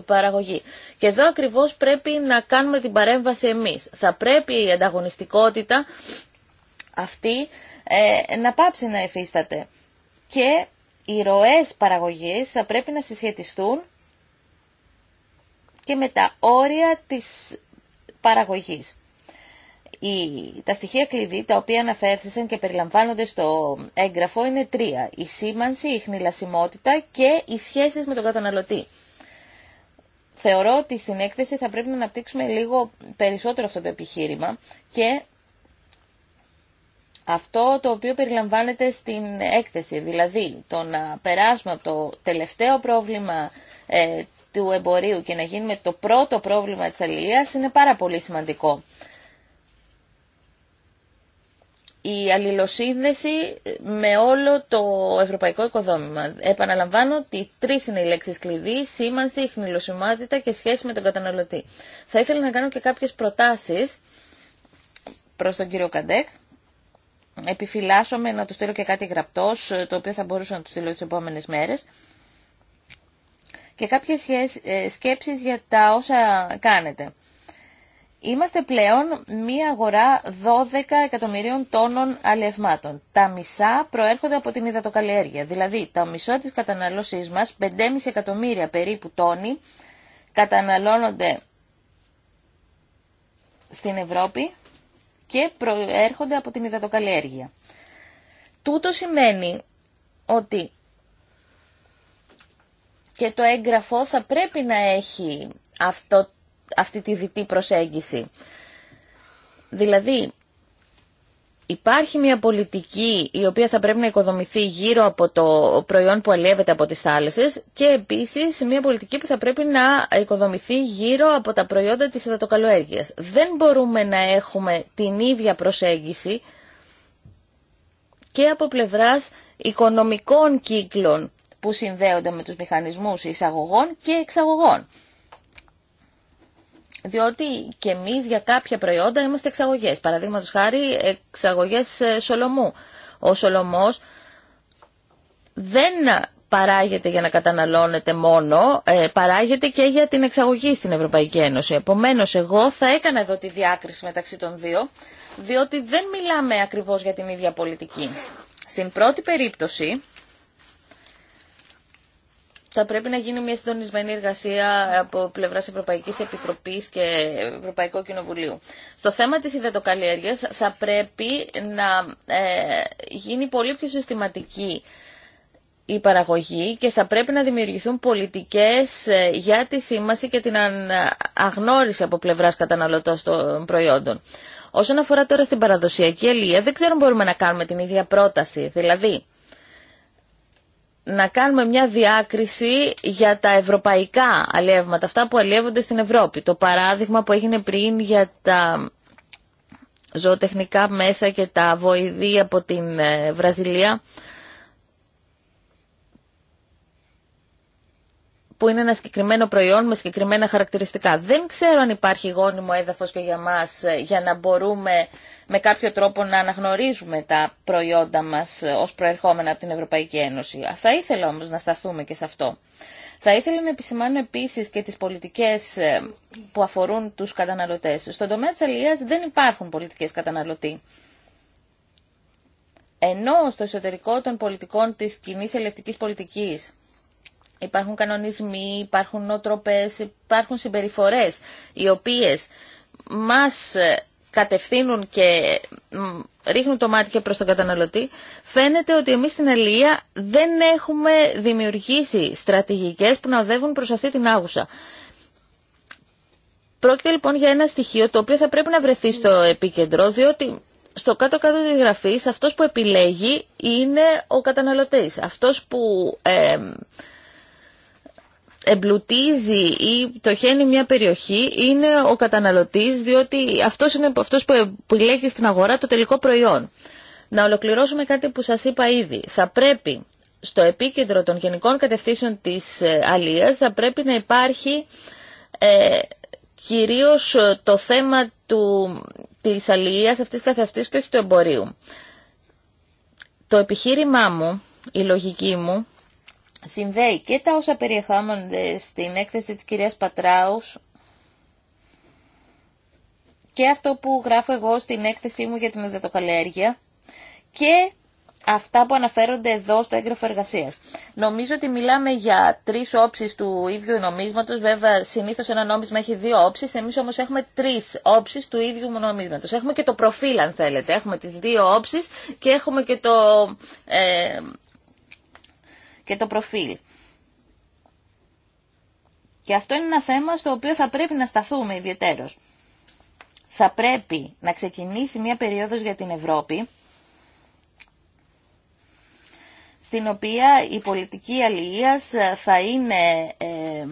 παραγωγή. Και εδώ ακριβώς πρέπει να κάνουμε την παρέμβαση εμείς. Θα πρέπει η ανταγωνιστικότητα αυτή ε, να πάψει να εφίσταται. Και οι ροές παραγωγής θα πρέπει να συσχετιστούν και με τα όρια της παραγωγής. Η, τα στοιχεία κλειδί τα οποία αναφέρθησαν και περιλαμβάνονται στο έγγραφο είναι τρία. Η σήμανση, η χνηλασιμότητα και οι σχέσεις με τον καταναλωτή. Θεωρώ ότι στην έκθεση θα πρέπει να αναπτύξουμε λίγο περισσότερο αυτό το επιχείρημα και αυτό το οποίο περιλαμβάνεται στην έκθεση, δηλαδή το να περάσουμε από το τελευταίο πρόβλημα ε, του εμπορίου και να με το πρώτο πρόβλημα της αλληλείας είναι πάρα πολύ σημαντικό. Η αλληλοσύνδεση με όλο το ευρωπαϊκό οικοδόμημα. Επαναλαμβάνω ότι τρει είναι οι λέξει κλειδί, σήμανση, χνηλοσημάτητα και σχέση με τον καταναλωτή. Θα ήθελα να κάνω και κάποιε προτάσει προ τον κύριο Καντέκ. Επιφυλάσσομαι να του στείλω και κάτι γραπτό, το οποίο θα μπορούσα να του στείλω τι επόμενε μέρε και κάποιες ε, σκέψεις για τα όσα κάνετε. Είμαστε πλέον μία αγορά 12 εκατομμυρίων τόνων αλευμάτων. Τα μισά προέρχονται από την υδατοκαλλιέργεια. Δηλαδή, τα μισό της καταναλώσής μας, 5,5 εκατομμύρια περίπου τόνοι, καταναλώνονται στην Ευρώπη και προέρχονται από την υδατοκαλλιέργεια. Τούτο σημαίνει ότι και το έγγραφο θα πρέπει να έχει αυτό, αυτή τη διτή προσέγγιση. Δηλαδή, υπάρχει μια πολιτική η οποία θα πρέπει να οικοδομηθεί γύρω από το προϊόν που αλλιεύεται από τις θάλασσες και επίσης μια πολιτική που θα πρέπει να οικοδομηθεί γύρω από τα προϊόντα της υδατοκαλοέργειας. Δεν μπορούμε να έχουμε την ίδια προσέγγιση και από πλευράς οικονομικών κύκλων που συνδέονται με τους μηχανισμούς εισαγωγών και εξαγωγών. Διότι και εμείς για κάποια προϊόντα είμαστε εξαγωγές. Παραδείγματο χάρη εξαγωγές ε, σολομού. Ο σολομός δεν παράγεται για να καταναλώνεται μόνο, ε, παράγεται και για την εξαγωγή στην Ευρωπαϊκή Ένωση. Επομένως, εγώ θα έκανα εδώ τη διάκριση μεταξύ των δύο, διότι δεν μιλάμε ακριβώς για την ίδια πολιτική. Στην πρώτη περίπτωση, θα πρέπει να γίνει μια συντονισμένη εργασία από πλευράς Ευρωπαϊκή Επιτροπή και Ευρωπαϊκού Κοινοβουλίου. Στο θέμα της ιδετοκαλλιέργειας θα πρέπει να ε, γίνει πολύ πιο συστηματική η παραγωγή και θα πρέπει να δημιουργηθούν πολιτικές ε, για τη σήμαση και την αγνώριση από πλευράς καταναλωτών των προϊόντων. Όσον αφορά τώρα στην παραδοσιακή αλληλεία, δεν ξέρω αν μπορούμε να κάνουμε την ίδια πρόταση. Δηλαδή, να κάνουμε μια διάκριση για τα ευρωπαϊκά αλλιεύματα, αυτά που αλλιεύονται στην Ευρώπη. Το παράδειγμα που έγινε πριν για τα ζωοτεχνικά μέσα και τα βοηδή από την ε, Βραζιλία, που είναι ένα συγκεκριμένο προϊόν με συγκεκριμένα χαρακτηριστικά. Δεν ξέρω αν υπάρχει γόνιμο έδαφος και για μας ε, για να μπορούμε με κάποιο τρόπο να αναγνωρίζουμε τα προϊόντα μας ως προερχόμενα από την Ευρωπαϊκή Ένωση. Θα ήθελα όμως να σταθούμε και σε αυτό. Θα ήθελα να επισημάνω επίσης και τις πολιτικές ε, που αφορούν τους καταναλωτές. Στον τομέα της αλληλείας δεν υπάρχουν πολιτικές καταναλωτή. Ενώ στο εσωτερικό των πολιτικών της κοινή ελευτικής πολιτικής υπάρχουν κανονισμοί, υπάρχουν νοτροπές, υπάρχουν συμπεριφορές οι οποίες μας ε, κατευθύνουν και ρίχνουν το μάτι και προς τον καταναλωτή, φαίνεται ότι εμείς στην Ελία δεν έχουμε δημιουργήσει στρατηγικές που να οδεύουν προς αυτή την άγουσα. Πρόκειται λοιπόν για ένα στοιχείο το οποίο θα πρέπει να βρεθεί στο επίκεντρο, διότι στο κάτω-κάτω της γραφής αυτός που επιλέγει είναι ο καταναλωτής. Αυτός που ε, εμπλουτίζει ή τοχαίνει μια περιοχή είναι ο καταναλωτής διότι αυτός είναι αυτός που επιλέγει στην αγορά το τελικό προϊόν. Να ολοκληρώσουμε κάτι που σας είπα ήδη. Θα πρέπει στο επίκεντρο των γενικών κατευθύνσεων της ε, αλίας θα πρέπει να υπάρχει ε, κυρίως ε, το θέμα του, της Αλίας αυτής καθ' αυτής και όχι του εμπορίου. Το επιχείρημά μου, η λογική μου, συνδέει και τα όσα περιεχάμενονται στην έκθεση της κυρίας Πατράους και αυτό που γράφω εγώ στην έκθεσή μου για την υδατοκαλλιέργεια και αυτά που αναφέρονται εδώ στο έγγραφο εργασία. Νομίζω ότι μιλάμε για τρει όψει του ίδιου νομίσματο. Βέβαια, συνήθω ένα νόμισμα έχει δύο όψει. Εμεί όμω έχουμε τρει όψει του ίδιου νομίσματο. Έχουμε και το προφίλ, αν θέλετε. Έχουμε τι δύο όψει και έχουμε και το. Ε, και το προφίλ. Και αυτό είναι ένα θέμα στο οποίο θα πρέπει να σταθούμε ιδιαιτέρως. Θα πρέπει να ξεκινήσει μια περίοδος για την Ευρώπη, στην οποία η πολιτική αλληλείας θα είναι ε,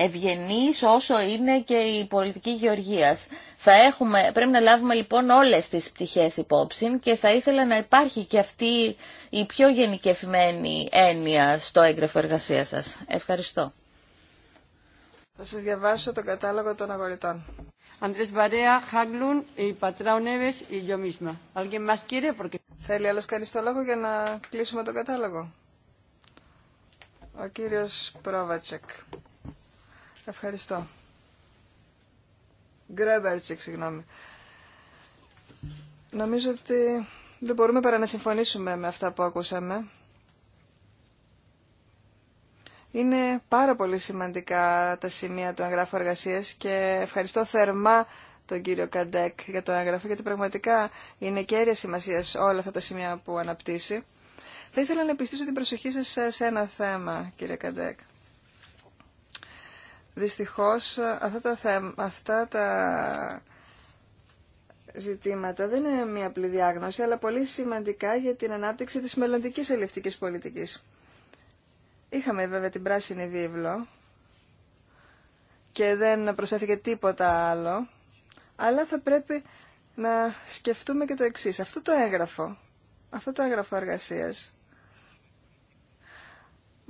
ευγενείς όσο είναι και η πολιτική γεωργίας. Θα έχουμε, πρέπει να λάβουμε λοιπόν όλες τις πτυχές υπόψη και θα ήθελα να υπάρχει και αυτή η πιο γενικευμένη έννοια στο έγγραφο εργασία σας. Ευχαριστώ. Θα σας διαβάσω τον κατάλογο των αγορητών. Andrés Barea, η Πατράου η Θέλει άλλος κανείς το λόγο για να κλείσουμε τον κατάλογο. Ο κύριος Πρόβατσεκ. Ευχαριστώ. Γκρέμπερτσικ, συγγνώμη. Νομίζω ότι δεν μπορούμε παρά να συμφωνήσουμε με αυτά που ακούσαμε. Είναι πάρα πολύ σημαντικά τα σημεία του εγγράφου εργασία και ευχαριστώ θερμά τον κύριο Καντέκ για το έγγραφο, γιατί πραγματικά είναι κέρια σημασία όλα αυτά τα σημεία που αναπτύσσει. Θα ήθελα να επιστήσω την προσοχή σας σε ένα θέμα, κύριε Καντέκ. Δυστυχώς αυτά τα, αυτά τα ζητήματα δεν είναι μια απλή διάγνωση, αλλά πολύ σημαντικά για την ανάπτυξη της μελλοντικής ελευτικής πολιτικής. Είχαμε βέβαια την πράσινη βίβλο και δεν προσθέθηκε τίποτα άλλο, αλλά θα πρέπει να σκεφτούμε και το εξής. Αυτό το έγγραφο, αυτό το έγγραφο εργασίας,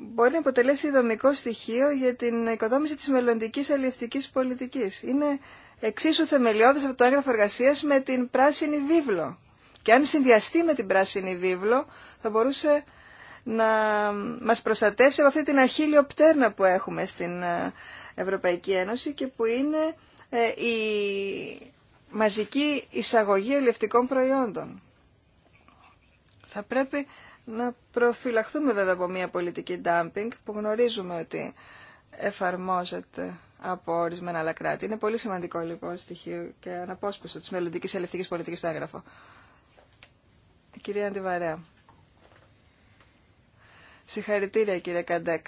μπορεί να αποτελέσει δομικό στοιχείο για την οικοδόμηση της μελλοντική αλληλευτικής πολιτικής. Είναι εξίσου θεμελιώδης αυτό το έγγραφο εργασία με την πράσινη βίβλο. Και αν συνδυαστεί με την πράσινη βίβλο θα μπορούσε να μας προστατεύσει από αυτή την αχίλιο πτέρνα που έχουμε στην ε, Ευρωπαϊκή Ένωση και που είναι ε, η μαζική εισαγωγή αλληλευτικών προϊόντων. Θα πρέπει να προφυλαχθούμε βέβαια από μια πολιτική dumping που γνωρίζουμε ότι εφαρμόζεται από ορισμένα άλλα κράτη. Είναι πολύ σημαντικό λοιπόν στοιχείο και αναπόσπαστο της μελλοντικής ελευθερικής πολιτικής στο έγγραφο. κυρία Αντιβαρέα. Συγχαρητήρια κύριε Καντέκ.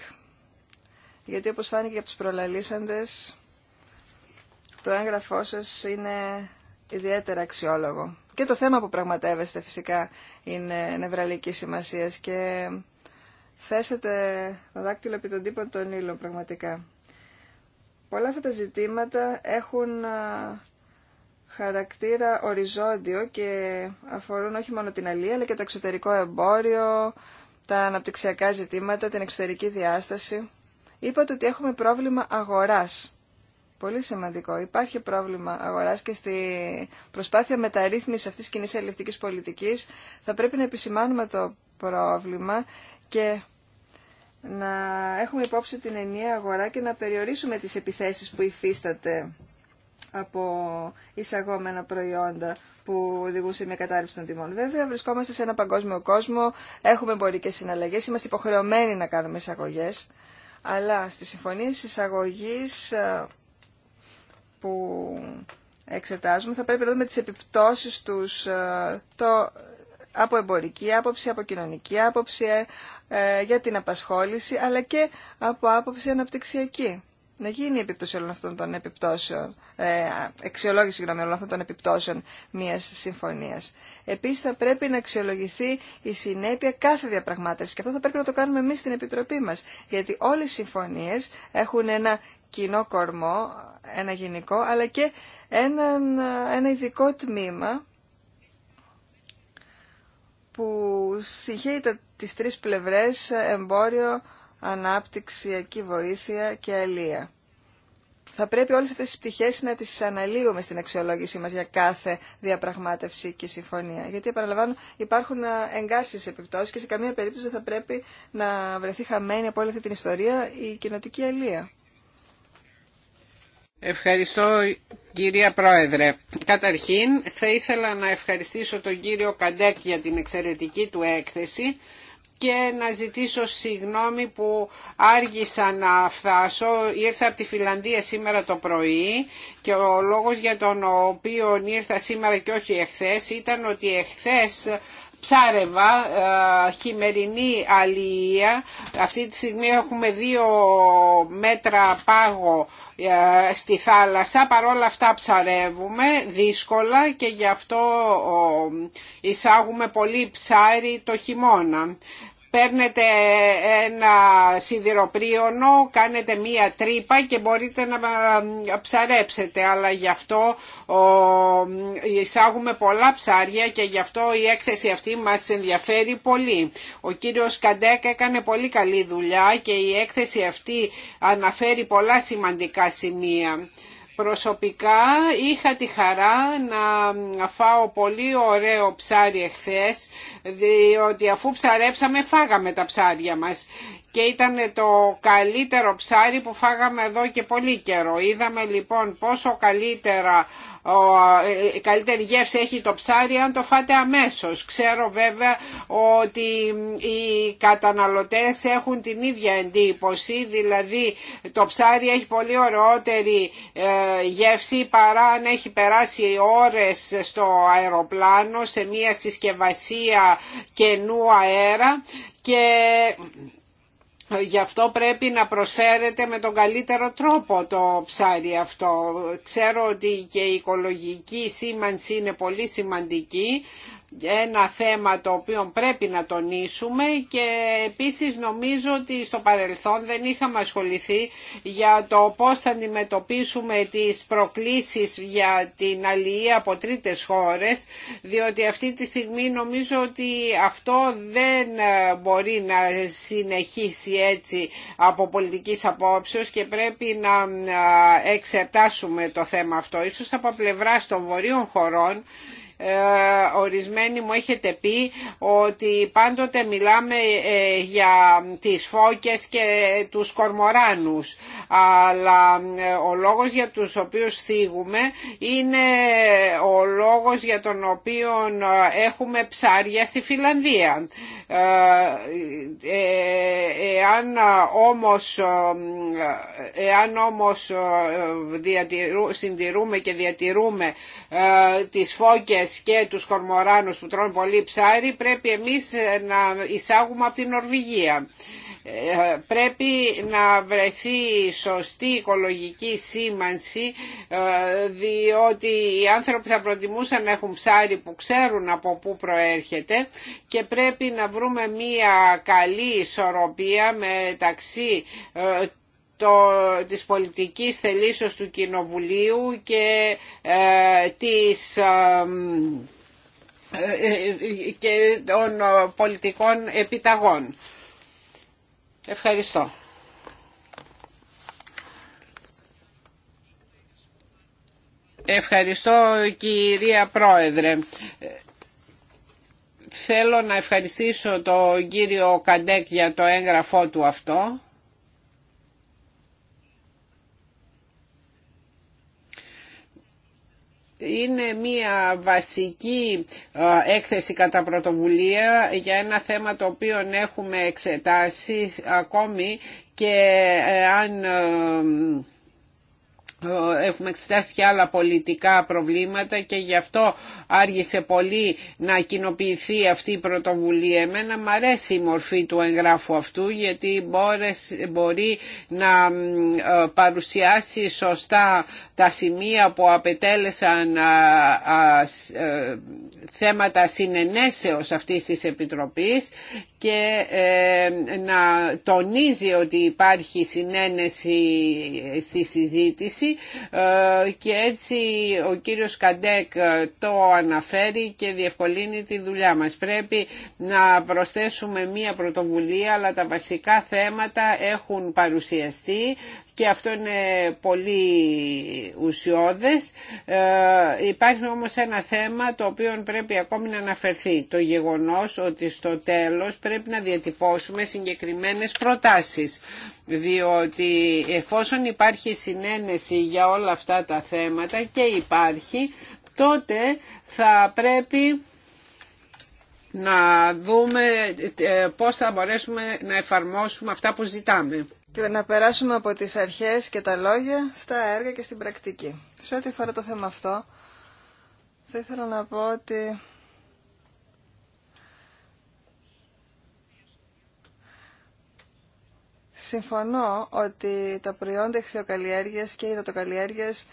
Γιατί όπως φάνηκε από τους προλαλήσαντες, το έγγραφό σας είναι ιδιαίτερα αξιόλογο. Και το θέμα που πραγματεύεστε φυσικά είναι νευραλική σημασία και θέσετε το δάκτυλο επί των τύπων των ήλων πραγματικά. Πολλά αυτά τα ζητήματα έχουν χαρακτήρα οριζόντιο και αφορούν όχι μόνο την αλία αλλά και το εξωτερικό εμπόριο, τα αναπτυξιακά ζητήματα, την εξωτερική διάσταση. Είπατε ότι έχουμε πρόβλημα αγοράς. Πολύ σημαντικό. Υπάρχει πρόβλημα αγορά και στη προσπάθεια μεταρρύθμιση αυτή τη κοινή ελληνική πολιτική θα πρέπει να επισημάνουμε το πρόβλημα και να έχουμε υπόψη την ενιαία αγορά και να περιορίσουμε τις επιθέσεις που υφίσταται από εισαγόμενα προϊόντα που οδηγούν σε μια κατάρρευση των τιμών. Βέβαια, βρισκόμαστε σε ένα παγκόσμιο κόσμο, έχουμε εμπορικέ συναλλαγέ, είμαστε υποχρεωμένοι να κάνουμε εισαγωγέ. Αλλά στι συμφωνίε εισαγωγή ε, που εξετάζουμε θα πρέπει να δούμε τις επιπτώσεις τους ε, το, από εμπορική άποψη, από κοινωνική άποψη, ε, ε, για την απασχόληση, αλλά και από άποψη αναπτυξιακή να γίνει η επιπτώση όλων αυτών των επιπτώσεων, ε, αξιολόγηση συγγνώμη, όλων αυτών των επιπτώσεων μιας συμφωνίας. Επίσης θα πρέπει να αξιολογηθεί η συνέπεια κάθε διαπραγμάτευση και αυτό θα πρέπει να το κάνουμε εμείς στην Επιτροπή μας, γιατί όλες οι συμφωνίες έχουν ένα κοινό κορμό, ένα γενικό, αλλά και ένα, ένα ειδικό τμήμα που συγχαίει τις τρεις πλευρές εμπόριο, εκεί βοήθεια και αλεία. Θα πρέπει όλες αυτές τις πτυχές να τις αναλύουμε στην αξιολόγησή μας για κάθε διαπραγμάτευση και συμφωνία. Γιατί, επαναλαμβάνω, υπάρχουν εγκάρσεις επιπτώσεις και σε καμία περίπτωση θα πρέπει να βρεθεί χαμένη από όλη αυτή την ιστορία η κοινοτική αλεία. Ευχαριστώ κυρία Πρόεδρε. Καταρχήν θα ήθελα να ευχαριστήσω τον κύριο Καντέκ για την εξαιρετική του έκθεση και να ζητήσω συγγνώμη που άργησα να φτάσω. Ήρθα από τη Φιλανδία σήμερα το πρωί και ο λόγος για τον οποίο ήρθα σήμερα και όχι εχθές ήταν ότι εχθές ψάρευα, ε, χειμερινή αλληλεία. Αυτή τη στιγμή έχουμε δύο μέτρα πάγο ε, στη θάλασσα, παρόλα αυτά ψαρεύουμε δύσκολα και γι' αυτό εισάγουμε πολύ ψάρι το χειμώνα παίρνετε ένα σιδηροπρίονο, κάνετε μία τρύπα και μπορείτε να ψαρέψετε. Αλλά γι' αυτό εισάγουμε πολλά ψάρια και γι' αυτό η έκθεση αυτή μας ενδιαφέρει πολύ. Ο κύριος Καντέκ έκανε πολύ καλή δουλειά και η έκθεση αυτή αναφέρει πολλά σημαντικά σημεία. Προσωπικά είχα τη χαρά να φάω πολύ ωραίο ψάρι εχθές, διότι αφού ψαρέψαμε φάγαμε τα ψάρια μας και ήταν το καλύτερο ψάρι που φάγαμε εδώ και πολύ καιρό. Είδαμε λοιπόν πόσο καλύτερα ε, ε, καλύτερη γεύση έχει το ψάρι αν το φάτε αμέσως. Ξέρω βέβαια ότι οι καταναλωτές έχουν την ίδια εντύπωση, δηλαδή το ψάρι έχει πολύ ωραιότερη ε, γεύση παρά αν έχει περάσει ώρες στο αεροπλάνο σε μια συσκευασία καινού αέρα και Γι' αυτό πρέπει να προσφέρεται με τον καλύτερο τρόπο το ψάρι αυτό. Ξέρω ότι και η οικολογική σήμανση είναι πολύ σημαντική, ένα θέμα το οποίο πρέπει να τονίσουμε και επίσης νομίζω ότι στο παρελθόν δεν είχαμε ασχοληθεί για το πώς θα αντιμετωπίσουμε τις προκλήσεις για την αλληλεία από τρίτες χώρες διότι αυτή τη στιγμή νομίζω ότι αυτό δεν μπορεί να συνεχίσει έτσι από πολιτικής απόψεως και πρέπει να ε, εξετάσουμε το θέμα αυτό. Ίσως από πλευρά των βορείων χωρών ε, ορισμένοι μου έχετε πει ότι πάντοτε μιλάμε ε, για τις φώκες και τους κορμοράνους αλλά ε, ο λόγος για τους οποίους θίγουμε είναι ο λόγος για τον οποίο έχουμε ψάρια στη Φιλανδία. Εάν όμως, εάν όμως συντηρούμε και διατηρούμε ε, τις φώκες και τους κορμοράνους που τρώνε πολύ ψάρι πρέπει εμείς ε, να εισάγουμε από την Νορβηγία. Ε, πρέπει να βρεθεί σωστή οικολογική σήμανση διότι οι άνθρωποι θα προτιμούσαν να έχουν ψάρι που ξέρουν από πού προέρχεται και πρέπει να βρούμε μία καλή ισορροπία μεταξύ το, της πολιτικής θελήσεως του Κοινοβουλίου και ε, της... Ε, ε, και των πολιτικών επιταγών. Ευχαριστώ. Ευχαριστώ κυρία Πρόεδρε. Θέλω να ευχαριστήσω τον κύριο Καντέκ για το έγγραφό του αυτό είναι μια βασική ε, έκθεση κατά πρωτοβουλία για ένα θέμα το οποίο έχουμε εξετάσει ακόμη και ε, αν ε, ε, έχουμε εξετάσει και άλλα πολιτικά προβλήματα και γι' αυτό άργησε πολύ να κοινοποιηθεί αυτή η πρωτοβουλία. Εμένα μου αρέσει η μορφή του εγγράφου αυτού γιατί μπορεί να ε, παρουσιάσει σωστά τα σημεία που απετέλεσαν ε, θέματα συνενέσεως αυτής της Επιτροπής και να τονίζει ότι υπάρχει συνένεση στη συζήτηση ε, και έτσι ο κύριος Καντέκ ε, το αναφέρει και διευκολύνει τη δουλειά μας. Πρέπει να προσθέσουμε μία πρωτοβουλία αλλά τα βασικά θέματα έχουν παρουσιαστεί και αυτό είναι πολύ ουσιώδες. Ε, υπάρχει όμως ένα θέμα το οποίο πρέπει ακόμη να αναφερθεί. Το γεγονός ότι στο τέλος πρέπει να διατυπώσουμε συγκεκριμένες προτάσεις διότι εφόσον υπάρχει συνένεση για όλα αυτά τα θέματα και υπάρχει, τότε θα πρέπει να δούμε ε, πώς θα μπορέσουμε να εφαρμόσουμε αυτά που ζητάμε και να περάσουμε από τις αρχές και τα λόγια στα έργα και στην πρακτική. Σε ό,τι αφορά το θέμα αυτό, θα ήθελα να πω ότι συμφωνώ ότι τα προϊόντα εχθειοκαλλιέργειας και υδατοκαλλιέργειας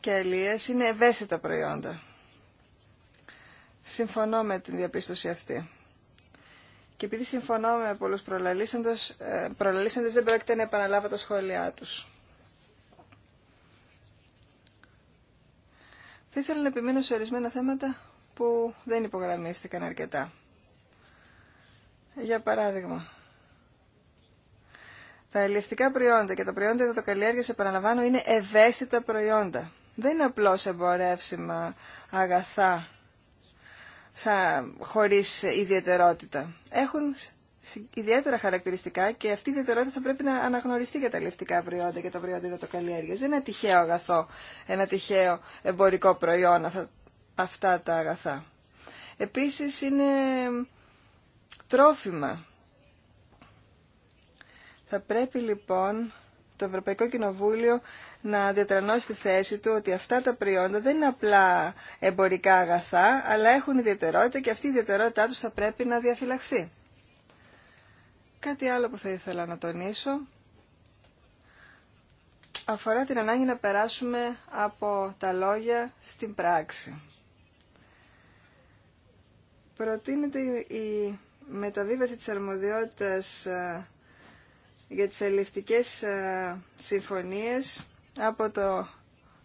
και αλίες είναι ευαίσθητα προϊόντα. Συμφωνώ με την διαπίστωση αυτή. Και επειδή συμφωνώ με πολλούς ε, προλαλήσαντες, δεν πρόκειται να επαναλάβω τα σχόλιά τους. Θα ήθελα να επιμείνω σε ορισμένα θέματα που δεν υπογραμμίστηκαν αρκετά. Για παράδειγμα, τα ελληνικά προϊόντα και τα προϊόντα το σε επαναλαμβάνω, είναι ευαίσθητα προϊόντα. Δεν είναι απλώ εμπορεύσιμα αγαθά σα χωρίς ιδιαιτερότητα. Έχουν ιδιαίτερα χαρακτηριστικά και αυτή η ιδιαιτερότητα θα πρέπει να αναγνωριστεί για τα λευτικά προϊόντα και τα προϊόντα υδατοκαλλιέργεια. Δεν είναι τυχαίο αγαθό, ένα τυχαίο εμπορικό προϊόν αυτά τα αγαθά. Επίσης είναι τρόφιμα. Θα πρέπει λοιπόν το Ευρωπαϊκό Κοινοβούλιο να διατρανώσει τη θέση του ότι αυτά τα προϊόντα δεν είναι απλά εμπορικά αγαθά, αλλά έχουν ιδιαιτερότητα και αυτή η ιδιαιτερότητά τους θα πρέπει να διαφυλαχθεί. Κάτι άλλο που θα ήθελα να τονίσω αφορά την ανάγκη να περάσουμε από τα λόγια στην πράξη. Προτείνεται η μεταβίβαση της αρμοδιότητας ε, για τις ελληνικές ε, συμφωνίες από το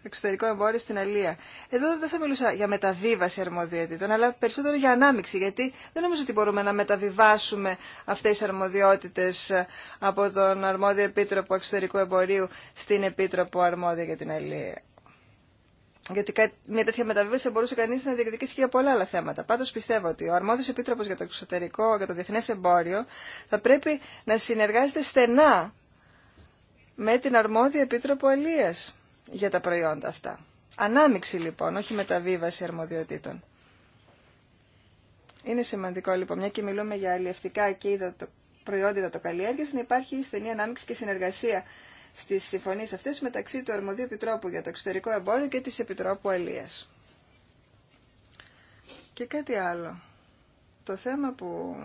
εξωτερικό εμπόριο στην Αλία. Εδώ δεν θα μιλούσα για μεταβίβαση αρμοδιότητων, αλλά περισσότερο για ανάμειξη, γιατί δεν νομίζω ότι μπορούμε να μεταβιβάσουμε αυτές τις αρμοδιότητες ε, από τον αρμόδιο επίτροπο εξωτερικού εμπορίου στην επίτροπο αρμόδια για την Αλία. Γιατί μια τέτοια μεταβίβαση θα μπορούσε κανεί να διεκδικήσει και για πολλά άλλα θέματα. Πάντω πιστεύω ότι ο αρμόδιο επίτροπο για το εξωτερικό, για το διεθνέ εμπόριο, θα πρέπει να συνεργάζεται στενά με την αρμόδια επίτροπο Ελία για τα προϊόντα αυτά. Ανάμιξη λοιπόν, όχι μεταβίβαση αρμοδιοτήτων. Είναι σημαντικό λοιπόν, μια και μιλούμε για αλλιευτικά και είδα το προϊόντα το καλλιέργεια, να υπάρχει στενή ανάμιξη και συνεργασία Στι συμφωνίε αυτέ μεταξύ του Αρμοδίου Επιτρόπου για το Εξωτερικό Εμπόριο και τη Επιτρόπου Αλίας. Και κάτι άλλο. Το θέμα που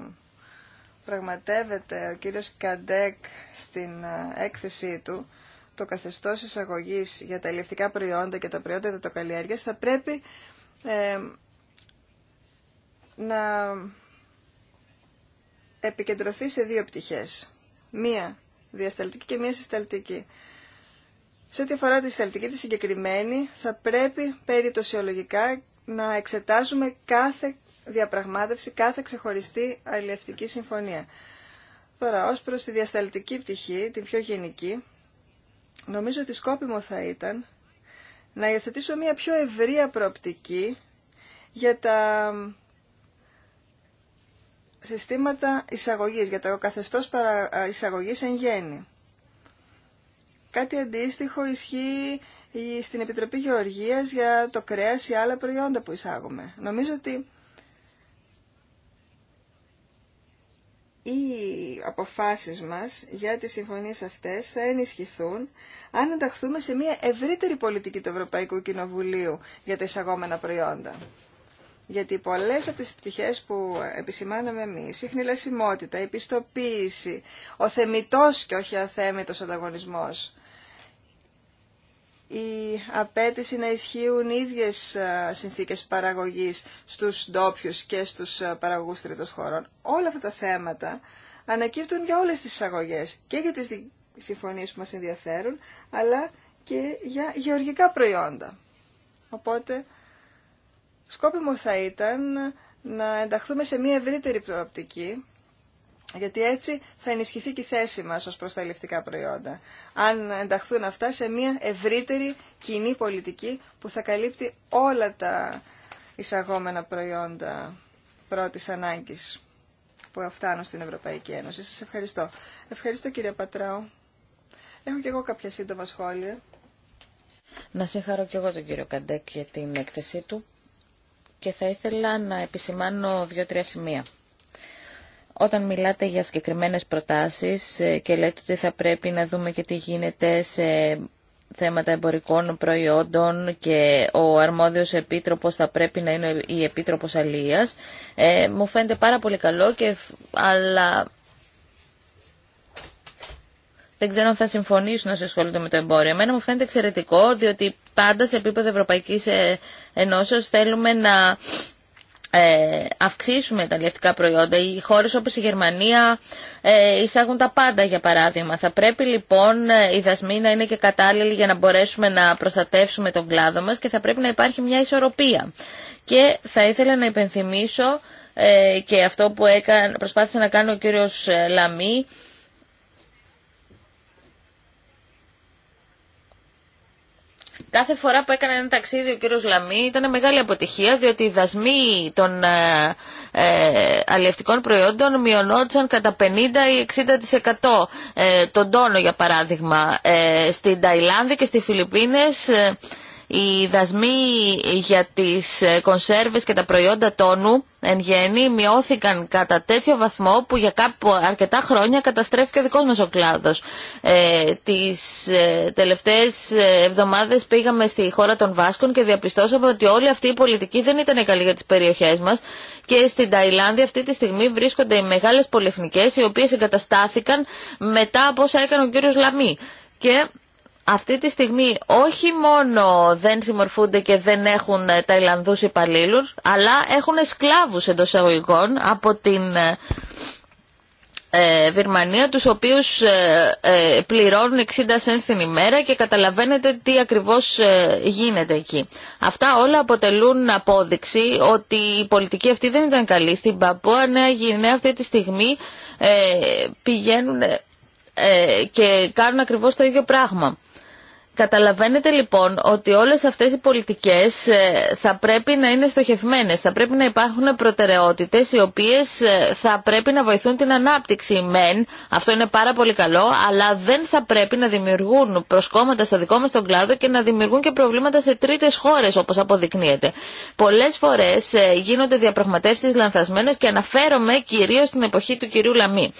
πραγματεύεται ο κύριος Καντέκ στην ε, έκθεσή του, το καθεστώς εισαγωγής για τα ελληνικά προϊόντα και τα προϊόντα δετοκαλλιέργειας, θα πρέπει ε, να επικεντρωθεί σε δύο πτυχές. Μία διασταλτική και μία συσταλτική. Σε ό,τι αφορά τη συσταλτική τη συγκεκριμένη, θα πρέπει περιπτωσιολογικά να εξετάζουμε κάθε διαπραγμάτευση, κάθε ξεχωριστή αλληλευτική συμφωνία. Τώρα, ως προς τη διασταλτική πτυχή, την πιο γενική, νομίζω ότι σκόπιμο θα ήταν να υιοθετήσω μια πιο ευρία προοπτική για τα συστήματα εισαγωγής, για το καθεστώς εισαγωγής εν γέννη. Κάτι αντίστοιχο ισχύει στην Επιτροπή Γεωργίας για το κρέας ή άλλα προϊόντα που εισάγουμε. Νομίζω ότι οι αποφάσεις μας για τις συμφωνίες αυτές θα ενισχυθούν αν ενταχθούμε σε μια ευρύτερη πολιτική του Ευρωπαϊκού Κοινοβουλίου για τα εισαγόμενα προϊόντα. Γιατί πολλές από τις πτυχές που επισημάναμε εμεί η χνηλασιμότητα, η πιστοποίηση, ο θεμητό και όχι αθέμητο ανταγωνισμό. η απέτηση να ισχύουν ίδιες συνθήκες παραγωγής στους ντόπιου και στους παραγωγούς τρίτων χωρών. Όλα αυτά τα θέματα ανακύπτουν για όλες τις εισαγωγέ και για τι συμφωνίες που μας ενδιαφέρουν, αλλά και για γεωργικά προϊόντα. Οπότε σκόπιμο θα ήταν να ενταχθούμε σε μια ευρύτερη προοπτική, γιατί έτσι θα ενισχυθεί και η θέση μας ως προς προϊόντα. Αν ενταχθούν αυτά σε μια ευρύτερη κοινή πολιτική που θα καλύπτει όλα τα εισαγόμενα προϊόντα πρώτης ανάγκης που φτάνουν στην Ευρωπαϊκή Ένωση. Σας ευχαριστώ. Ευχαριστώ κύριε Πατράου. Έχω και εγώ κάποια σύντομα σχόλια. Να συγχαρώ και εγώ τον κύριο Καντέκ για την έκθεσή του και θα ήθελα να επισημάνω δύο-τρία σημεία. Όταν μιλάτε για συγκεκριμένες προτάσεις ε, και λέτε ότι θα πρέπει να δούμε και τι γίνεται σε θέματα εμπορικών προϊόντων και ο αρμόδιος επίτροπος θα πρέπει να είναι η επίτροπος αλίας. Ε, μου φαίνεται πάρα πολύ καλό, και, αλλά δεν ξέρω αν θα συμφωνήσουν σε ασχολούνται με το εμπόριο. Εμένα μου φαίνεται εξαιρετικό, διότι πάντα σε επίπεδο Ευρωπαϊκής ε, ενώσεως θέλουμε να ε, αυξήσουμε τα λευτικά προϊόντα. Οι χώρες όπως η Γερμανία ε, εισάγουν τα πάντα για παράδειγμα. Θα πρέπει λοιπόν η ε, δασμοί να είναι και κατάλληλοι για να μπορέσουμε να προστατεύσουμε τον κλάδο μας και θα πρέπει να υπάρχει μια ισορροπία. Και θα ήθελα να υπενθυμίσω ε, και αυτό που προσπάθησε να κάνει ο κύριος Λαμή κάθε φορά που έκανε ένα ταξίδι ο κύριος Λαμή ήταν μεγάλη αποτυχία διότι οι δασμοί των ε, ε αλλιευτικών προϊόντων μειωνόντουσαν κατά 50 ή 60% ε, τον τόνο για παράδειγμα. Ε, στην Ταϊλάνδη και στις Φιλιππίνες ε, οι δασμοί για τις ε, κονσέρβες και τα προϊόντα τόνου εν γέννη μειώθηκαν κατά τέτοιο βαθμό που για κάπου αρκετά χρόνια καταστρέφει και ο δικός μας ο κλάδος. Ε, τις ε, τελευταίες ε, εβδομάδες πήγαμε στη χώρα των Βάσκων και διαπιστώσαμε ότι όλη αυτή η πολιτική δεν ήταν καλή για τις περιοχές μας και στην Ταϊλάνδη αυτή τη στιγμή βρίσκονται οι μεγάλες πολυεθνικές οι οποίες εγκαταστάθηκαν μετά από όσα έκανε ο κύριος Λαμή. Και αυτή τη στιγμή όχι μόνο δεν συμμορφούνται και δεν έχουν ε, Ταϊλανδούς υπαλλήλου, αλλά έχουν σκλάβους εντό αγωγικών από την ε, ε, Βυρμανία, τους οποίους ε, πληρώνουν 60 cents την ημέρα και καταλαβαίνετε τι ακριβώς γίνεται εκεί. Αυτά όλα αποτελούν απόδειξη ότι η πολιτική αυτή δεν ήταν καλή. Στην Παππούα Νέα γυναίκα αυτή τη στιγμή πηγαίνουν και κάνουν ακριβώς το ίδιο πράγμα. Καταλαβαίνετε λοιπόν ότι όλες αυτές οι πολιτικές ε, θα πρέπει να είναι στοχευμένες, θα πρέπει να υπάρχουν προτεραιότητες οι οποίες ε, θα πρέπει να βοηθούν την ανάπτυξη μεν, αυτό είναι πάρα πολύ καλό, αλλά δεν θα πρέπει να δημιουργούν προσκόμματα στο δικό μας τον κλάδο και να δημιουργούν και προβλήματα σε τρίτες χώρες όπως αποδεικνύεται. Πολλές φορές ε, γίνονται διαπραγματεύσεις λανθασμένες και αναφέρομαι κυρίως στην εποχή του κυρίου Λαμή.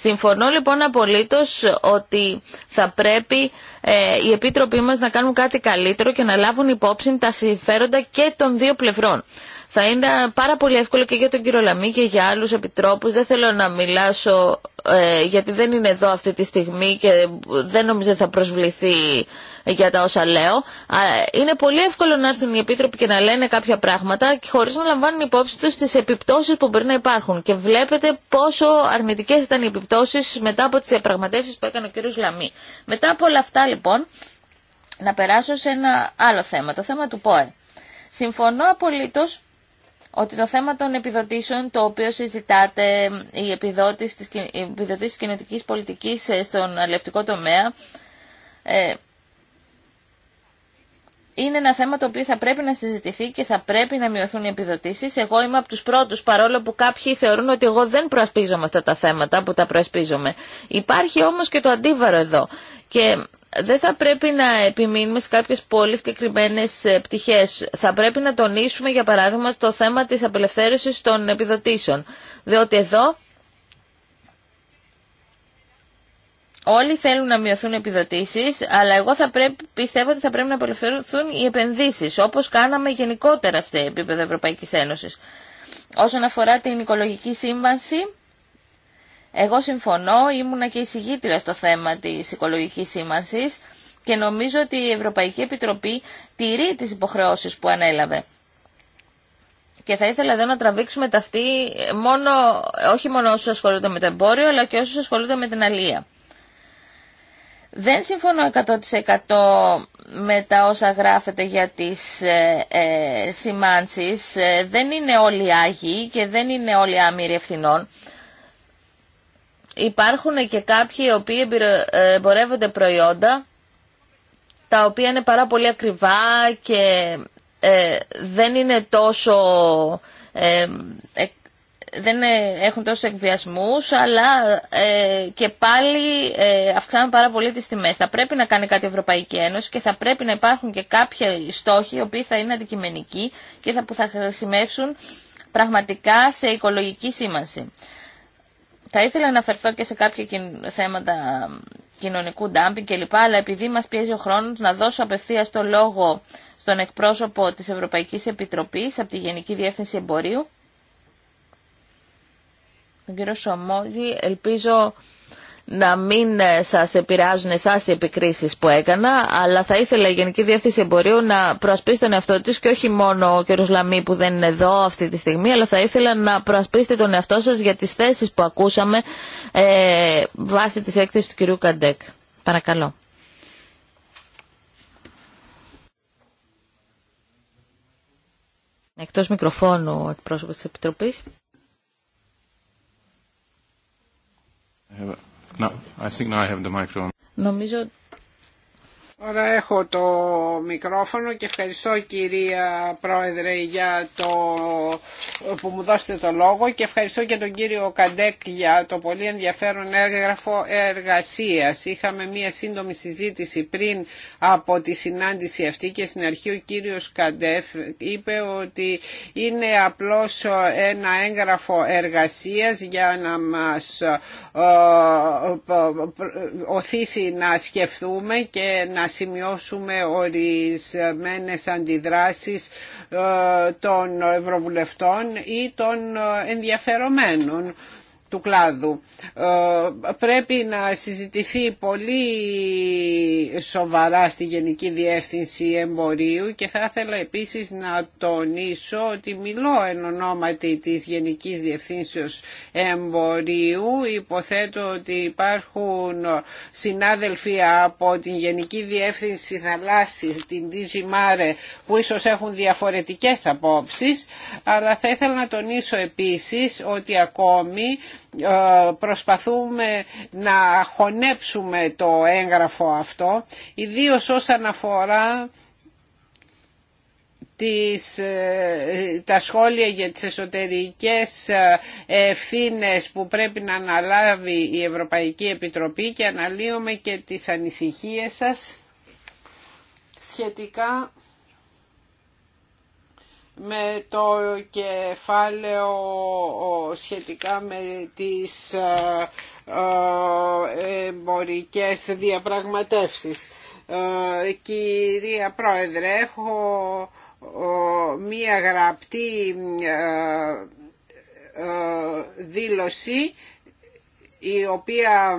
Συμφωνώ λοιπόν απολύτως ότι θα πρέπει ε, οι επίτροποι μας να κάνουν κάτι καλύτερο και να λάβουν υπόψη τα συμφέροντα και των δύο πλευρών. Θα είναι πάρα πολύ εύκολο και για τον κύριο Λαμή και για άλλους επιτρόπους. Δεν θέλω να μιλάσω ε, γιατί δεν είναι εδώ αυτή τη στιγμή και δεν νομίζω θα προσβληθεί για τα όσα λέω. Είναι πολύ εύκολο να έρθουν οι επίτροποι και να λένε κάποια πράγματα χωρίς να λαμβάνουν υπόψη τους τις επιπτώσεις που μπορεί να υπάρχουν. Και βλέπετε πόσο αρνητικές ήταν οι επιπτώσεις μετά από τις διαπραγματεύσεις που έκανε ο κύριος Λαμή. Μετά από όλα αυτά λοιπόν να περάσω σε ένα άλλο θέμα, το θέμα του ΠΟΕ. Συμφωνώ απολύτως ότι το θέμα των επιδοτήσεων το οποίο συζητάτε, η επιδοτήση της, επιδότηση επιδοτήσεις κοινωτικής πολιτικής ε, στον αλληλευτικό τομέα, ε, είναι ένα θέμα το οποίο θα πρέπει να συζητηθεί και θα πρέπει να μειωθούν οι επιδοτήσεις. Εγώ είμαι από τους πρώτους, παρόλο που κάποιοι θεωρούν ότι εγώ δεν προασπίζομαι αυτά τα θέματα που τα προασπίζομαι. Υπάρχει όμως και το αντίβαρο εδώ. Και δεν θα πρέπει να επιμείνουμε σε κάποιες πολύ συγκεκριμένε ε, πτυχές. Θα πρέπει να τονίσουμε, για παράδειγμα, το θέμα της απελευθέρωσης των επιδοτήσεων. Διότι εδώ όλοι θέλουν να μειωθούν οι επιδοτήσεις, αλλά εγώ θα πρέπει, πιστεύω ότι θα πρέπει να απελευθερωθούν οι επενδύσεις, όπως κάναμε γενικότερα σε επίπεδο Ευρωπαϊκή Ένωση. Όσον αφορά την οικολογική σύμβαση, εγώ συμφωνώ, ήμουνα και εισηγήτρια στο θέμα της οικολογικής σήμανσης και νομίζω ότι η Ευρωπαϊκή Επιτροπή τηρεί τις υποχρεώσεις που ανέλαβε. Και θα ήθελα εδώ να τραβήξουμε ταυτή μόνο, όχι μόνο όσους ασχολούνται με το εμπόριο, αλλά και όσους ασχολούνται με την αλία. Δεν συμφωνώ 100% με τα όσα γράφεται για τις ε, ε σημάνσεις. Ε, δεν είναι όλοι άγιοι και δεν είναι όλοι άμυροι ευθυνών υπάρχουν και κάποιοι οι οποίοι ε, εμπορεύονται προϊόντα τα οποία είναι πάρα πολύ ακριβά και ε, δεν είναι τόσο ε, δεν έχουν τόσους εκβιασμούς, αλλά και πάλι ε, αυξάνουν πάρα πολύ τις τιμές. Θα πρέπει να κάνει κάτι η Ευρωπαϊκή Ένωση και θα πρέπει να υπάρχουν και κάποιοι στόχοι οι οποίοι θα είναι αντικειμενικοί και θα, που θα χρησιμεύσουν πραγματικά σε οικολογική σήμανση. Θα ήθελα να αναφερθώ και σε κάποια θέματα κοινωνικού ντάμπινγκ κλπ. Αλλά επειδή μας πιέζει ο χρόνος να δώσω απευθεία το λόγο στον εκπρόσωπο της Ευρωπαϊκής Επιτροπής από τη Γενική Διεύθυνση Εμπορίου, τον κύριο Σωμόζη, ελπίζω να μην ε, σας επηρεάζουν εσά οι επικρίσεις που έκανα, αλλά θα ήθελα η Γενική Διεύθυνση Εμπορίου να προασπίσει τον εαυτό της και όχι μόνο ο κ. Λαμή που δεν είναι εδώ αυτή τη στιγμή, αλλά θα ήθελα να προασπίσετε τον εαυτό σας για τις θέσεις που ακούσαμε ε, βάσει της έκθεσης του κ. Καντέκ. Παρακαλώ. Εκτός μικροφώνου εκπρόσωπος της Επιτροπής. Ε, No, I think now I have the microphone. Νομίζω Τώρα έχω το μικρόφωνο και ευχαριστώ κυρία Πρόεδρε για το που μου δώσετε το λόγο και ευχαριστώ και τον κύριο Καντέκ για το πολύ ενδιαφέρον έγγραφο εργασίας. Είχαμε μία σύντομη συζήτηση πριν από τη συνάντηση αυτή και στην αρχή ο κύριος Καντέκ είπε ότι είναι απλώς ένα έγγραφο εργασίας για να μας ε, οθήσει να σκεφτούμε και να σημειώσουμε ορισμένες αντιδράσεις ε, των Ευρωβουλευτών ή των ε, ενδιαφερομένων του κλάδου. Ε, πρέπει να συζητηθεί πολύ σοβαρά στη Γενική Διεύθυνση Εμπορίου και θα ήθελα επίσης να τονίσω ότι μιλώ εν ονόματι της Γενικής Διευθύνσεως Εμπορίου. Υποθέτω ότι υπάρχουν συνάδελφοι από την Γενική Διεύθυνση Θαλάσσης, την DG Mare, που ίσως έχουν διαφορετικές απόψεις, αλλά θα ήθελα να τονίσω επίσης ότι ακόμη ε, προσπαθούμε να χωνέψουμε το έγγραφο αυτό, ιδίως όσον αφορά τις, ε, τα σχόλια για τις εσωτερικές ε, ευθύνε που πρέπει να αναλάβει η Ευρωπαϊκή Επιτροπή και αναλύουμε και τις ανησυχίες σας σχετικά με το κεφάλαιο σχετικά με τις ε, ε, εμπορικές διαπραγματεύσεις. Ε, κυρία Πρόεδρε, έχω μία γραπτή δήλωση η οποία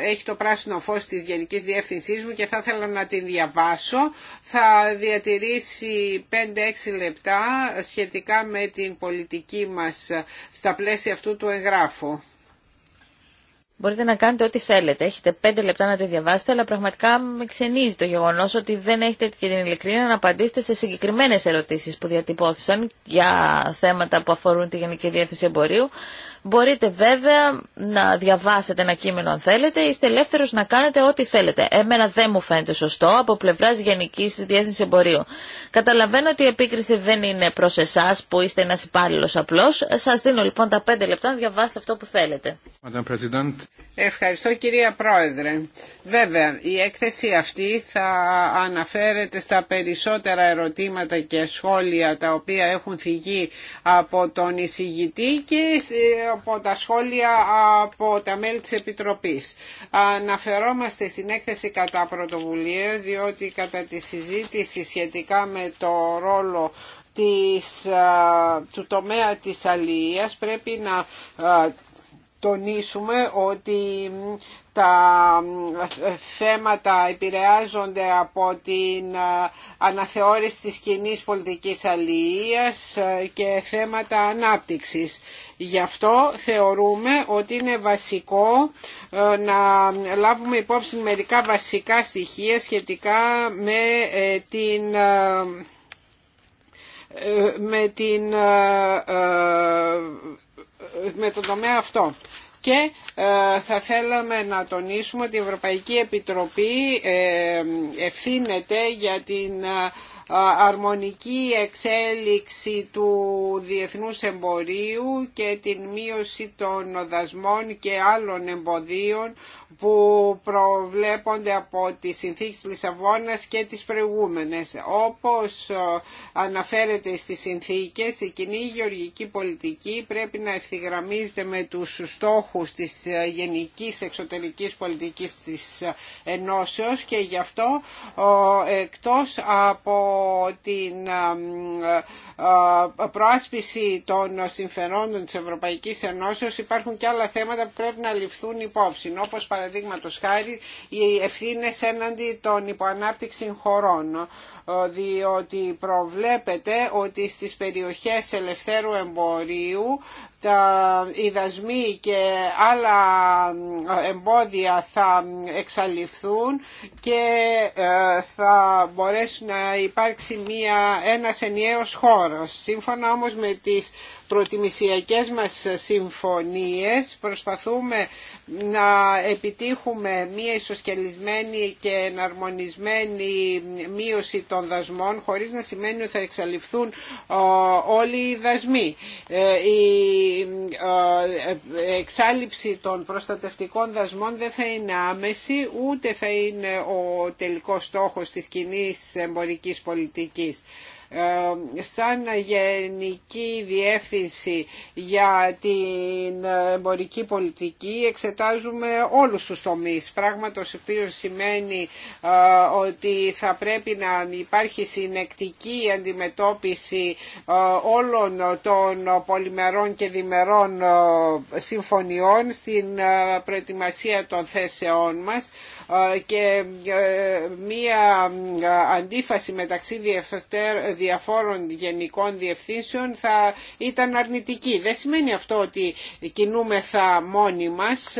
ε, έχει το πράσινο φως της Γενικής Διεύθυνσής μου και θα ήθελα να την διαβάσω. Θα διατηρήσει 5-6 λεπτά σχετικά με την πολιτική μας στα πλαίσια αυτού του εγγράφου. Μπορείτε να κάνετε ό,τι θέλετε. Έχετε πέντε λεπτά να τη διαβάσετε, αλλά πραγματικά με ξενίζει το γεγονό ότι δεν έχετε την ειλικρίνεια να απαντήσετε σε συγκεκριμένε ερωτήσει που διατυπώθησαν για θέματα που αφορούν τη Γενική Διεύθυνση Εμπορίου. Μπορείτε βέβαια να διαβάσετε ένα κείμενο αν θέλετε, είστε ελεύθερο να κάνετε ό,τι θέλετε. Εμένα δεν μου φαίνεται σωστό από πλευρά Γενική Διεύθυνση Εμπορίου. Καταλαβαίνω ότι η επίκριση δεν είναι προ εσά που είστε ένα υπάλληλο απλώ. Σα δίνω λοιπόν τα πέντε λεπτά να διαβάσετε αυτό που θέλετε. Ευχαριστώ κυρία Πρόεδρε. Βέβαια, η έκθεση αυτή θα αναφέρεται στα περισσότερα ερωτήματα και σχόλια τα οποία έχουν θυγεί από τον εισηγητή και ε, από τα σχόλια από τα μέλη της Επιτροπής. Αναφερόμαστε στην έκθεση κατά πρωτοβουλία διότι κατά τη συζήτηση σχετικά με το ρόλο της, ε, του τομέα της αλληλείας πρέπει να ε, τονίσουμε ότι τα ε, θέματα επηρεάζονται από την ε, αναθεώρηση της κοινή πολιτικής αλληλείας ε, και θέματα ανάπτυξης. Γι' αυτό θεωρούμε ότι είναι βασικό να λάβουμε υπόψη μερικά βασικά στοιχεία σχετικά με την με την με τον τομέα αυτό. Και ε, θα θέλαμε να τονίσουμε ότι η Ευρωπαϊκή Επιτροπή ε, ευθύνεται για την ε, αρμονική εξέλιξη του διεθνούς εμπορίου και την μείωση των δασμών και άλλων εμποδίων που προβλέπονται από τις συνθήκες Λισαβόνα Λισαβόνας και τις προηγούμενες. Όπως αναφέρεται στις συνθήκες, η κοινή γεωργική πολιτική πρέπει να ευθυγραμμίζεται με τους στόχους της γενικής εξωτερικής πολιτικής της Ενώσεως και γι' αυτό εκτός από την ε, προάσπιση των συμφερόντων της Ευρωπαϊκής Ενώσεως υπάρχουν και άλλα θέματα που πρέπει να ληφθούν υπόψη, όπως παραδείγματος χάρη οι ευθύνε έναντι των υποανάπτυξη χωρών διότι προβλέπεται ότι στις περιοχές ελευθέρου εμπορίου τα, οι δασμοί και άλλα εμπόδια θα εξαλειφθούν και ε, θα μπορέσει να υπάρξει μια, ένας ενιαίος χώρος Σύμφωνα όμως με τις προτιμησιακές μας συμφωνίες προσπαθούμε να επιτύχουμε μία ισοσκελισμένη και εναρμονισμένη μείωση των δασμών χωρίς να σημαίνει ότι θα εξαλειφθούν όλοι οι δασμοί. Ε, η εξάλληψη των προστατευτικών δασμών δεν θα είναι άμεση ούτε θα είναι ο τελικός στόχος της κοινή εμπορικής πολιτικής. Ε, σαν γενική διεύθυνση για την εμπορική πολιτική εξετάζουμε όλους τους τομείς. Πράγμα το οποίο σημαίνει ε, ότι θα πρέπει να υπάρχει συνεκτική αντιμετώπιση ε, όλων των πολυμερών και διμερών συμφωνιών στην προετοιμασία των θέσεών μας ε, και ε, μία ε, αντίφαση μεταξύ διαφόρων γενικών διευθύνσεων θα ήταν αρνητική. Δεν σημαίνει αυτό ότι κινούμεθα μόνοι μας,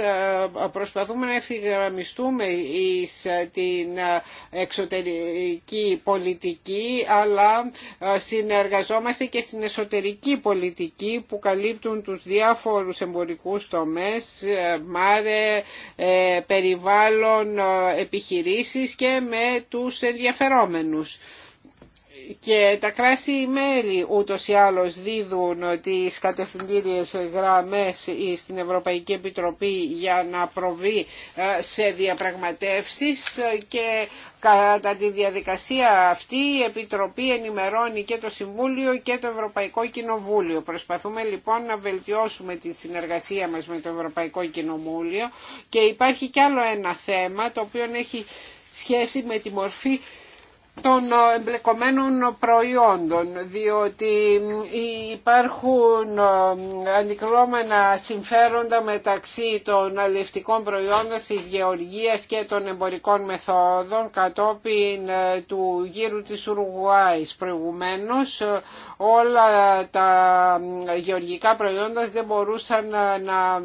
προσπαθούμε να ευθυγραμμιστούμε εις την εξωτερική πολιτική, αλλά συνεργαζόμαστε και στην εσωτερική πολιτική που καλύπτουν τους διάφορους εμπορικούς τομές, μάρε, περιβάλλον, επιχειρήσεις και με τους ενδιαφερόμενους και τα κράση μέλη ούτως ή άλλως δίδουν τις κατευθυντήριες γραμμές στην Ευρωπαϊκή Επιτροπή για να προβεί ε, σε διαπραγματεύσεις και κατά τη διαδικασία αυτή η Επιτροπή ενημερώνει και το Συμβούλιο και το Ευρωπαϊκό Κοινοβούλιο. Προσπαθούμε λοιπόν να βελτιώσουμε τη συνεργασία μας με το Ευρωπαϊκό Κοινοβούλιο και υπάρχει κι άλλο ένα θέμα το οποίο έχει σχέση με τη μορφή των ε, εμπλεκομένων προϊόντων διότι υπάρχουν ε, αντικρώμενα συμφέροντα μεταξύ των αλληλευτικών προϊόντων της γεωργίας και των εμπορικών μεθόδων κατόπιν ε, του γύρου της Ουρουγουάης προηγουμένως όλα τα γεωργικά προϊόντα δεν μπορούσαν να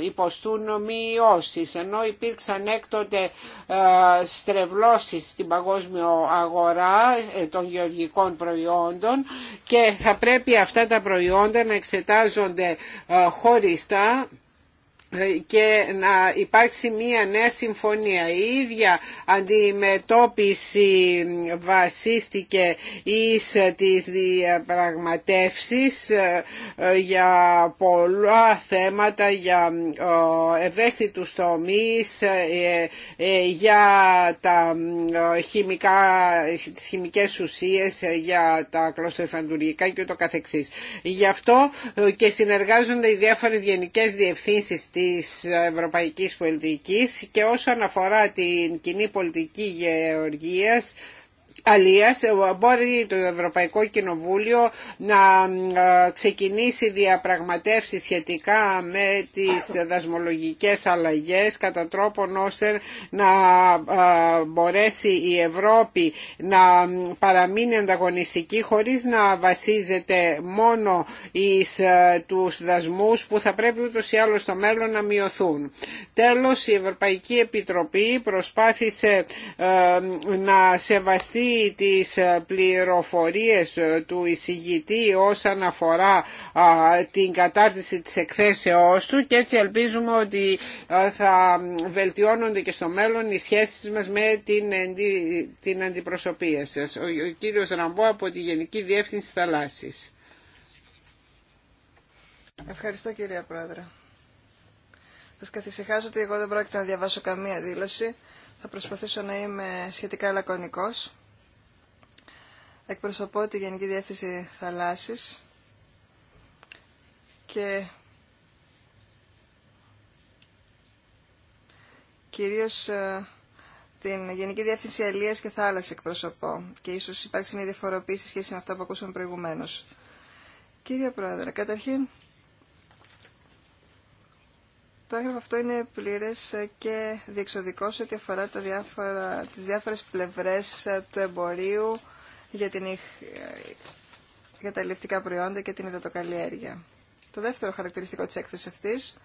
υποστούν μειώσεις ενώ υπήρξαν έκτοτε στρεβλώσεις στην παγκόσμιο αγορά ε, των γεωργικών προϊόντων και θα πρέπει αυτά τα προϊόντα να εξετάζονται ε, χωριστά και να υπάρξει μία νέα συμφωνία. Η ίδια αντιμετώπιση βασίστηκε εις τις διαπραγματεύσεις ε, για πολλά θέματα, για ε, ευαίσθητους τομείς, ε, για τα χημικά, τις χημικές ουσίες, για τα κλωστοεφαντουργικά και το καθεξής. Γι' αυτό και συνεργάζονται οι διάφορες γενικές διευθύνσεις της ευρωπαϊκής πολιτικής και όσον αφορά την κοινή πολιτική γεωργίας Αλίας ε, μπορεί το Ευρωπαϊκό Κοινοβούλιο να ε, ξεκινήσει διαπραγματεύσεις σχετικά με τις δασμολογικές αλλαγές κατά τρόπον ώστε να ε, μπορέσει η Ευρώπη να παραμείνει ανταγωνιστική χωρίς να βασίζεται μόνο εις τους δασμούς που θα πρέπει ούτως ή άλλως στο μέλλον να μειωθούν. Τέλος, η Ευρωπαϊκή Επιτροπή προσπάθησε να σεβαστεί τι τις ε, πληροφορίες ε, του εισηγητή όσον αφορά την κατάρτιση της εκθέσεώς του και έτσι ελπίζουμε ότι ε, θα βελτιώνονται και στο μέλλον οι σχέσεις μας με την, την αντιπροσωπεία σας. Ο, ο κύριος Ραμπό από τη Γενική Διεύθυνση Θαλάσσης. Ευχαριστώ κυρία Πρόεδρε. Σας καθησυχάζω ότι εγώ δεν πρόκειται να διαβάσω καμία δήλωση. Θα προσπαθήσω να είμαι σχετικά λακωνικός. Εκπροσωπώ τη Γενική Διεύθυνση Θαλάσσης και κυρίως ε, την Γενική Διεύθυνση Αλίας και Θάλασσης εκπροσωπώ και ίσως υπάρξει μια διαφοροποίηση σχέση με αυτά που ακούσαμε προηγουμένως. Κύριε Πρόεδρε, καταρχήν το έγγραφο αυτό είναι πλήρες και διεξοδικό σε ό,τι αφορά τα διάφορα, τις διάφορες πλευρές ε, του εμπορίου για, την, για τα ελευτικά προϊόντα και την υδατοκαλλιέργεια. Το δεύτερο χαρακτηριστικό της έκθεσης αυτής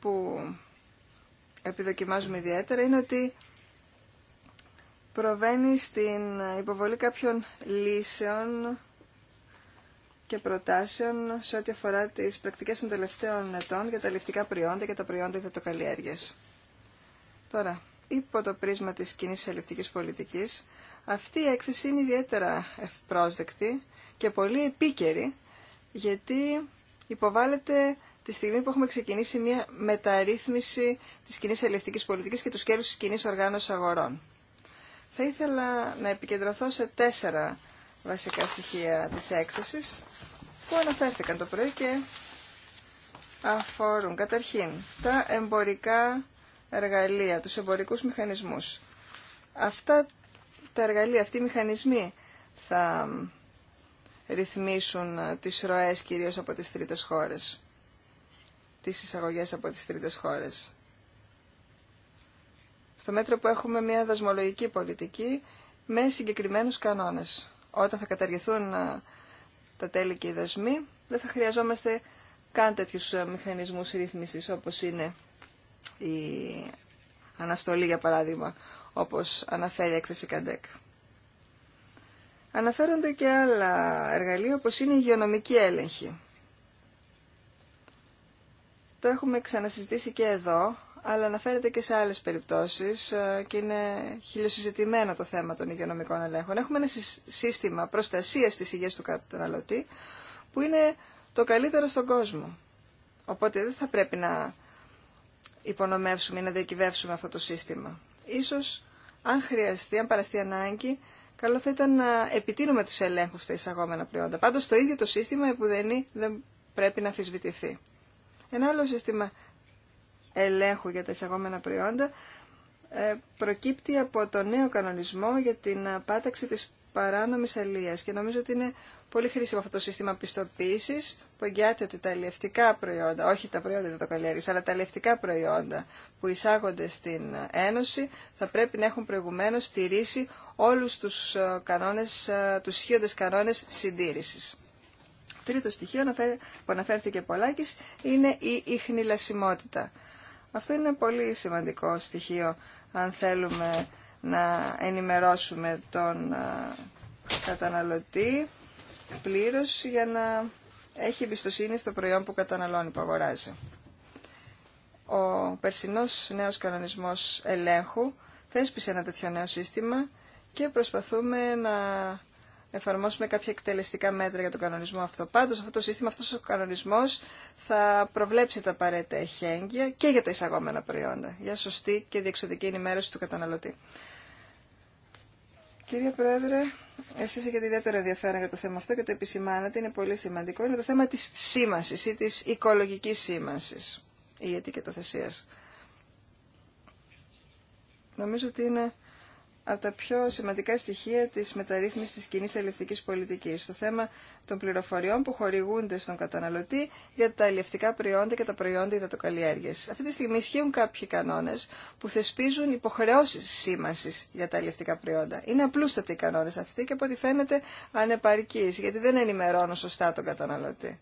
που επιδοκιμάζουμε ιδιαίτερα είναι ότι προβαίνει στην υποβολή κάποιων λύσεων και προτάσεων σε ό,τι αφορά τις πρακτικές των τελευταίων ετών για τα λευτικά προϊόντα και τα προϊόντα υδατοκαλλιέργειας. Τώρα, υπό το πρίσμα της κοινή ελευθερίκης πολιτικής, αυτή η έκθεση είναι ιδιαίτερα ευπρόσδεκτη και πολύ επίκαιρη, γιατί υποβάλλεται τη στιγμή που έχουμε ξεκινήσει μια μεταρρύθμιση της κοινή ελευθερίκης πολιτικής και του σκέλους της κοινή οργάνωσης αγορών. Θα ήθελα να επικεντρωθώ σε τέσσερα βασικά στοιχεία της έκθεσης που αναφέρθηκαν το πρωί και αφορούν καταρχήν τα εμπορικά εργαλεία, τους εμπορικούς μηχανισμούς. Αυτά τα εργαλεία, αυτοί οι μηχανισμοί θα ρυθμίσουν τις ροές κυρίως από τις τρίτες χώρες, τις εισαγωγές από τις τρίτες χώρες. Στο μέτρο που έχουμε μια δασμολογική πολιτική με συγκεκριμένους κανόνες. Όταν θα καταργηθούν ε, τα τέλη και οι δασμοί, δεν θα χρειαζόμαστε καν τέτοιους ε, μηχανισμούς ρύθμισης όπως είναι η αναστολή για παράδειγμα, όπως αναφέρει η έκθεση Καντέκ. Αναφέρονται και άλλα εργαλεία όπως είναι η υγειονομική έλεγχη. Το έχουμε ξανασυζητήσει και εδώ, αλλά αναφέρεται και σε άλλες περιπτώσεις ε, και είναι χιλιοσυζητημένο το θέμα των υγειονομικών ελέγχων. Έχουμε ένα σύστημα προστασίας της υγείας του καταναλωτή που είναι το καλύτερο στον κόσμο. Οπότε δεν θα πρέπει να υπονομεύσουμε ή να διακυβεύσουμε αυτό το σύστημα. Ίσως, αν χρειαστεί, αν παραστεί ανάγκη, καλό θα ήταν να επιτείνουμε τους ελέγχους στα εισαγόμενα προϊόντα. Πάντως, το ίδιο το σύστημα επουδενή δεν πρέπει να αφισβητηθεί. Ένα άλλο σύστημα ελέγχου για τα εισαγόμενα προϊόντα ε, προκύπτει από το νέο κανονισμό για την πάταξη της παράνομης αλίας και νομίζω ότι είναι Πολύ χρήσιμο αυτό το σύστημα πιστοποίηση που εγγυάται ότι τα αλληλευτικά προϊόντα, όχι τα προϊόντα του καλλιέργεια, αλλά τα αλληλευτικά προϊόντα που εισάγονται στην Ένωση θα πρέπει να έχουν προηγουμένω στηρίσει όλου του ε, κανόνες, ε, τους συντήρηση. κανόνες συντήρησης. Τρίτο στοιχείο που αναφέρθηκε πολλάκι είναι η ιχνηλασιμότητα. Αυτό είναι πολύ σημαντικό στοιχείο αν θέλουμε να ενημερώσουμε τον ε, καταναλωτή πλήρως για να έχει εμπιστοσύνη στο προϊόν που καταναλώνει, που αγοράζει. Ο περσινός νέος κανονισμός ελέγχου θέσπισε ένα τέτοιο νέο σύστημα και προσπαθούμε να εφαρμόσουμε κάποια εκτελεστικά μέτρα για τον κανονισμό αυτό. Πάντως αυτό το σύστημα, αυτός ο κανονισμός θα προβλέψει τα απαραίτητα εχέγγυα και για τα εισαγόμενα προϊόντα, για σωστή και διεξοδική ενημέρωση του καταναλωτή. Κύριε Πρόεδρε, εσείς έχετε ιδιαίτερο ενδιαφέρον για το θέμα αυτό και το επισημάνατε, είναι πολύ σημαντικό. Είναι το θέμα της σήμανσης ή της οικολογικής σήμανσης ή ετικετοθεσίας. Νομίζω ότι είναι από τα πιο σημαντικά στοιχεία τη μεταρρύθμισης τη κοινή αλληλευτικής πολιτική. το θέμα των πληροφοριών που χορηγούνται στον καταναλωτή για τα αλληλευτικά προϊόντα και τα προϊόντα υδατοκαλλιέργειας. Αυτή τη στιγμή ισχύουν κάποιοι κανόνε που θεσπίζουν υποχρεώσει σήμανση για τα αλληλευτικά προϊόντα. Είναι απλούστατοι οι κανόνε αυτοί και από ό,τι φαίνεται ανεπαρκείς, γιατί δεν ενημερώνουν σωστά τον καταναλωτή.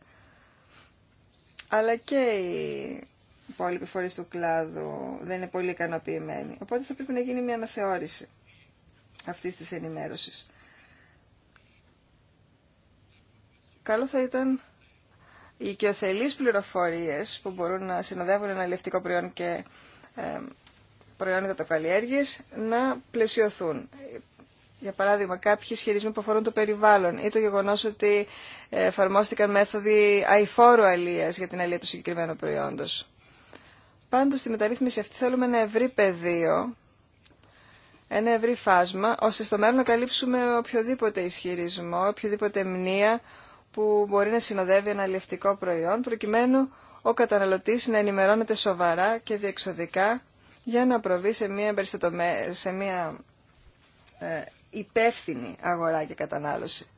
Αλλά και οι υπόλοιποι φορεί του κλάδου δεν είναι πολύ ικανοποιημένοι. Οπότε θα πρέπει να γίνει μια αναθεώρηση αυτής της ενημέρωσης. Καλό θα ήταν οι οικειοθελείς πληροφορίες που μπορούν να συνοδεύουν ένα λευτικό προϊόν και ε, προϊόν υδατοκαλλιέργειες να πλαισιωθούν. Για παράδειγμα, κάποιοι ισχυρισμοί που αφορούν το περιβάλλον ή το γεγονό ότι εφαρμόστηκαν μέθοδοι αηφόρου αλεία για την αλεία του συγκεκριμένου προϊόντο. Πάντω, στη μεταρρύθμιση αυτή θέλουμε ένα ευρύ πεδίο ένα ευρύ φάσμα, ώστε στο μέλλον να καλύψουμε οποιοδήποτε ισχυρισμό, οποιοδήποτε μνήα που μπορεί να συνοδεύει ένα λευτικό προϊόν, προκειμένου ο καταναλωτής να ενημερώνεται σοβαρά και διεξοδικά για να προβεί σε μια, σε μια ε, υπεύθυνη αγορά και κατανάλωση.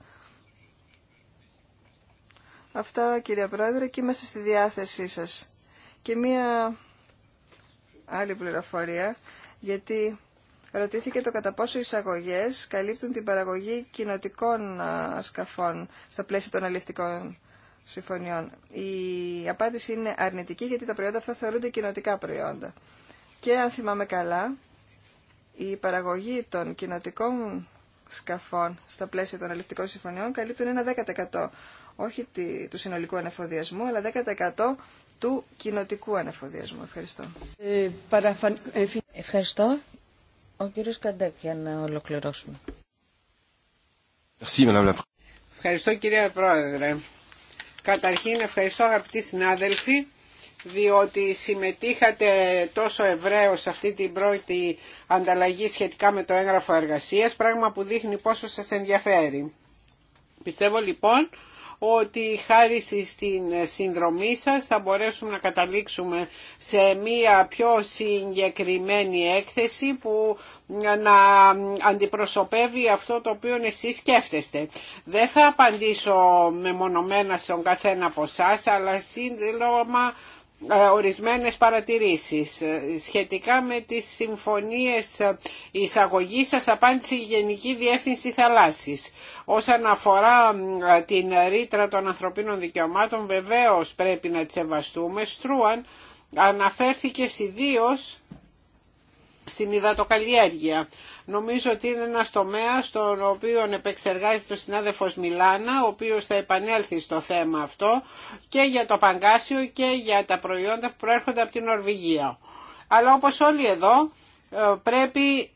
Αυτά κύριε Πρόεδρε και είμαστε στη διάθεσή σας. Και μία άλλη πληροφορία, γιατί ρωτήθηκε το κατά πόσο εισαγωγέ καλύπτουν την παραγωγή κοινοτικών σκαφών στα πλαίσια των αλληλευτικών συμφωνιών. Η απάντηση είναι αρνητική γιατί τα προϊόντα αυτά θεωρούνται κοινοτικά προϊόντα. Και αν θυμάμαι καλά, η παραγωγή των κοινοτικών σκαφών στα πλαίσια των αλληλευτικών συμφωνιών καλύπτουν ένα 10% όχι του συνολικού ανεφοδιασμού, αλλά 10% του κοινοτικού ανεφοδιασμού. Ευχαριστώ. Ε, ε, Ευχαριστώ. Ο κύριος Καντέκ για να ολοκληρώσουμε. Ευχαριστώ κυρία Πρόεδρε. Καταρχήν ευχαριστώ αγαπητοί συνάδελφοι διότι συμμετείχατε τόσο ευραίως σε αυτή την πρώτη ανταλλαγή σχετικά με το έγγραφο εργασίας, πράγμα που δείχνει πόσο σας ενδιαφέρει. Πιστεύω λοιπόν ότι χάρη στην συνδρομή σας θα μπορέσουμε να καταλήξουμε σε μία πιο συγκεκριμένη έκθεση που να αντιπροσωπεύει αυτό το οποίο εσείς σκέφτεστε. Δεν θα απαντήσω μεμονωμένα στον καθένα από εσά, αλλά σύντομα ε, ορισμένες παρατηρήσεις. Ε, σχετικά με τις συμφωνίες ε, εισαγωγής σας απάντησε η Γενική Διεύθυνση Θαλάσσης. Όσον αφορά την ρήτρα των ανθρωπίνων δικαιωμάτων βεβαίως πρέπει να τις σεβαστούμε. Στρούαν αναφέρθηκε ιδίω στην υδατοκαλλιέργεια. Νομίζω ότι είναι ένα τομέα στον οποίο επεξεργάζεται ο συνάδελφος Μιλάνα, ο οποίος θα επανέλθει στο θέμα αυτό και για το παγκάσιο και για τα προϊόντα που προέρχονται από την Νορβηγία. Αλλά όπως όλοι εδώ ε, πρέπει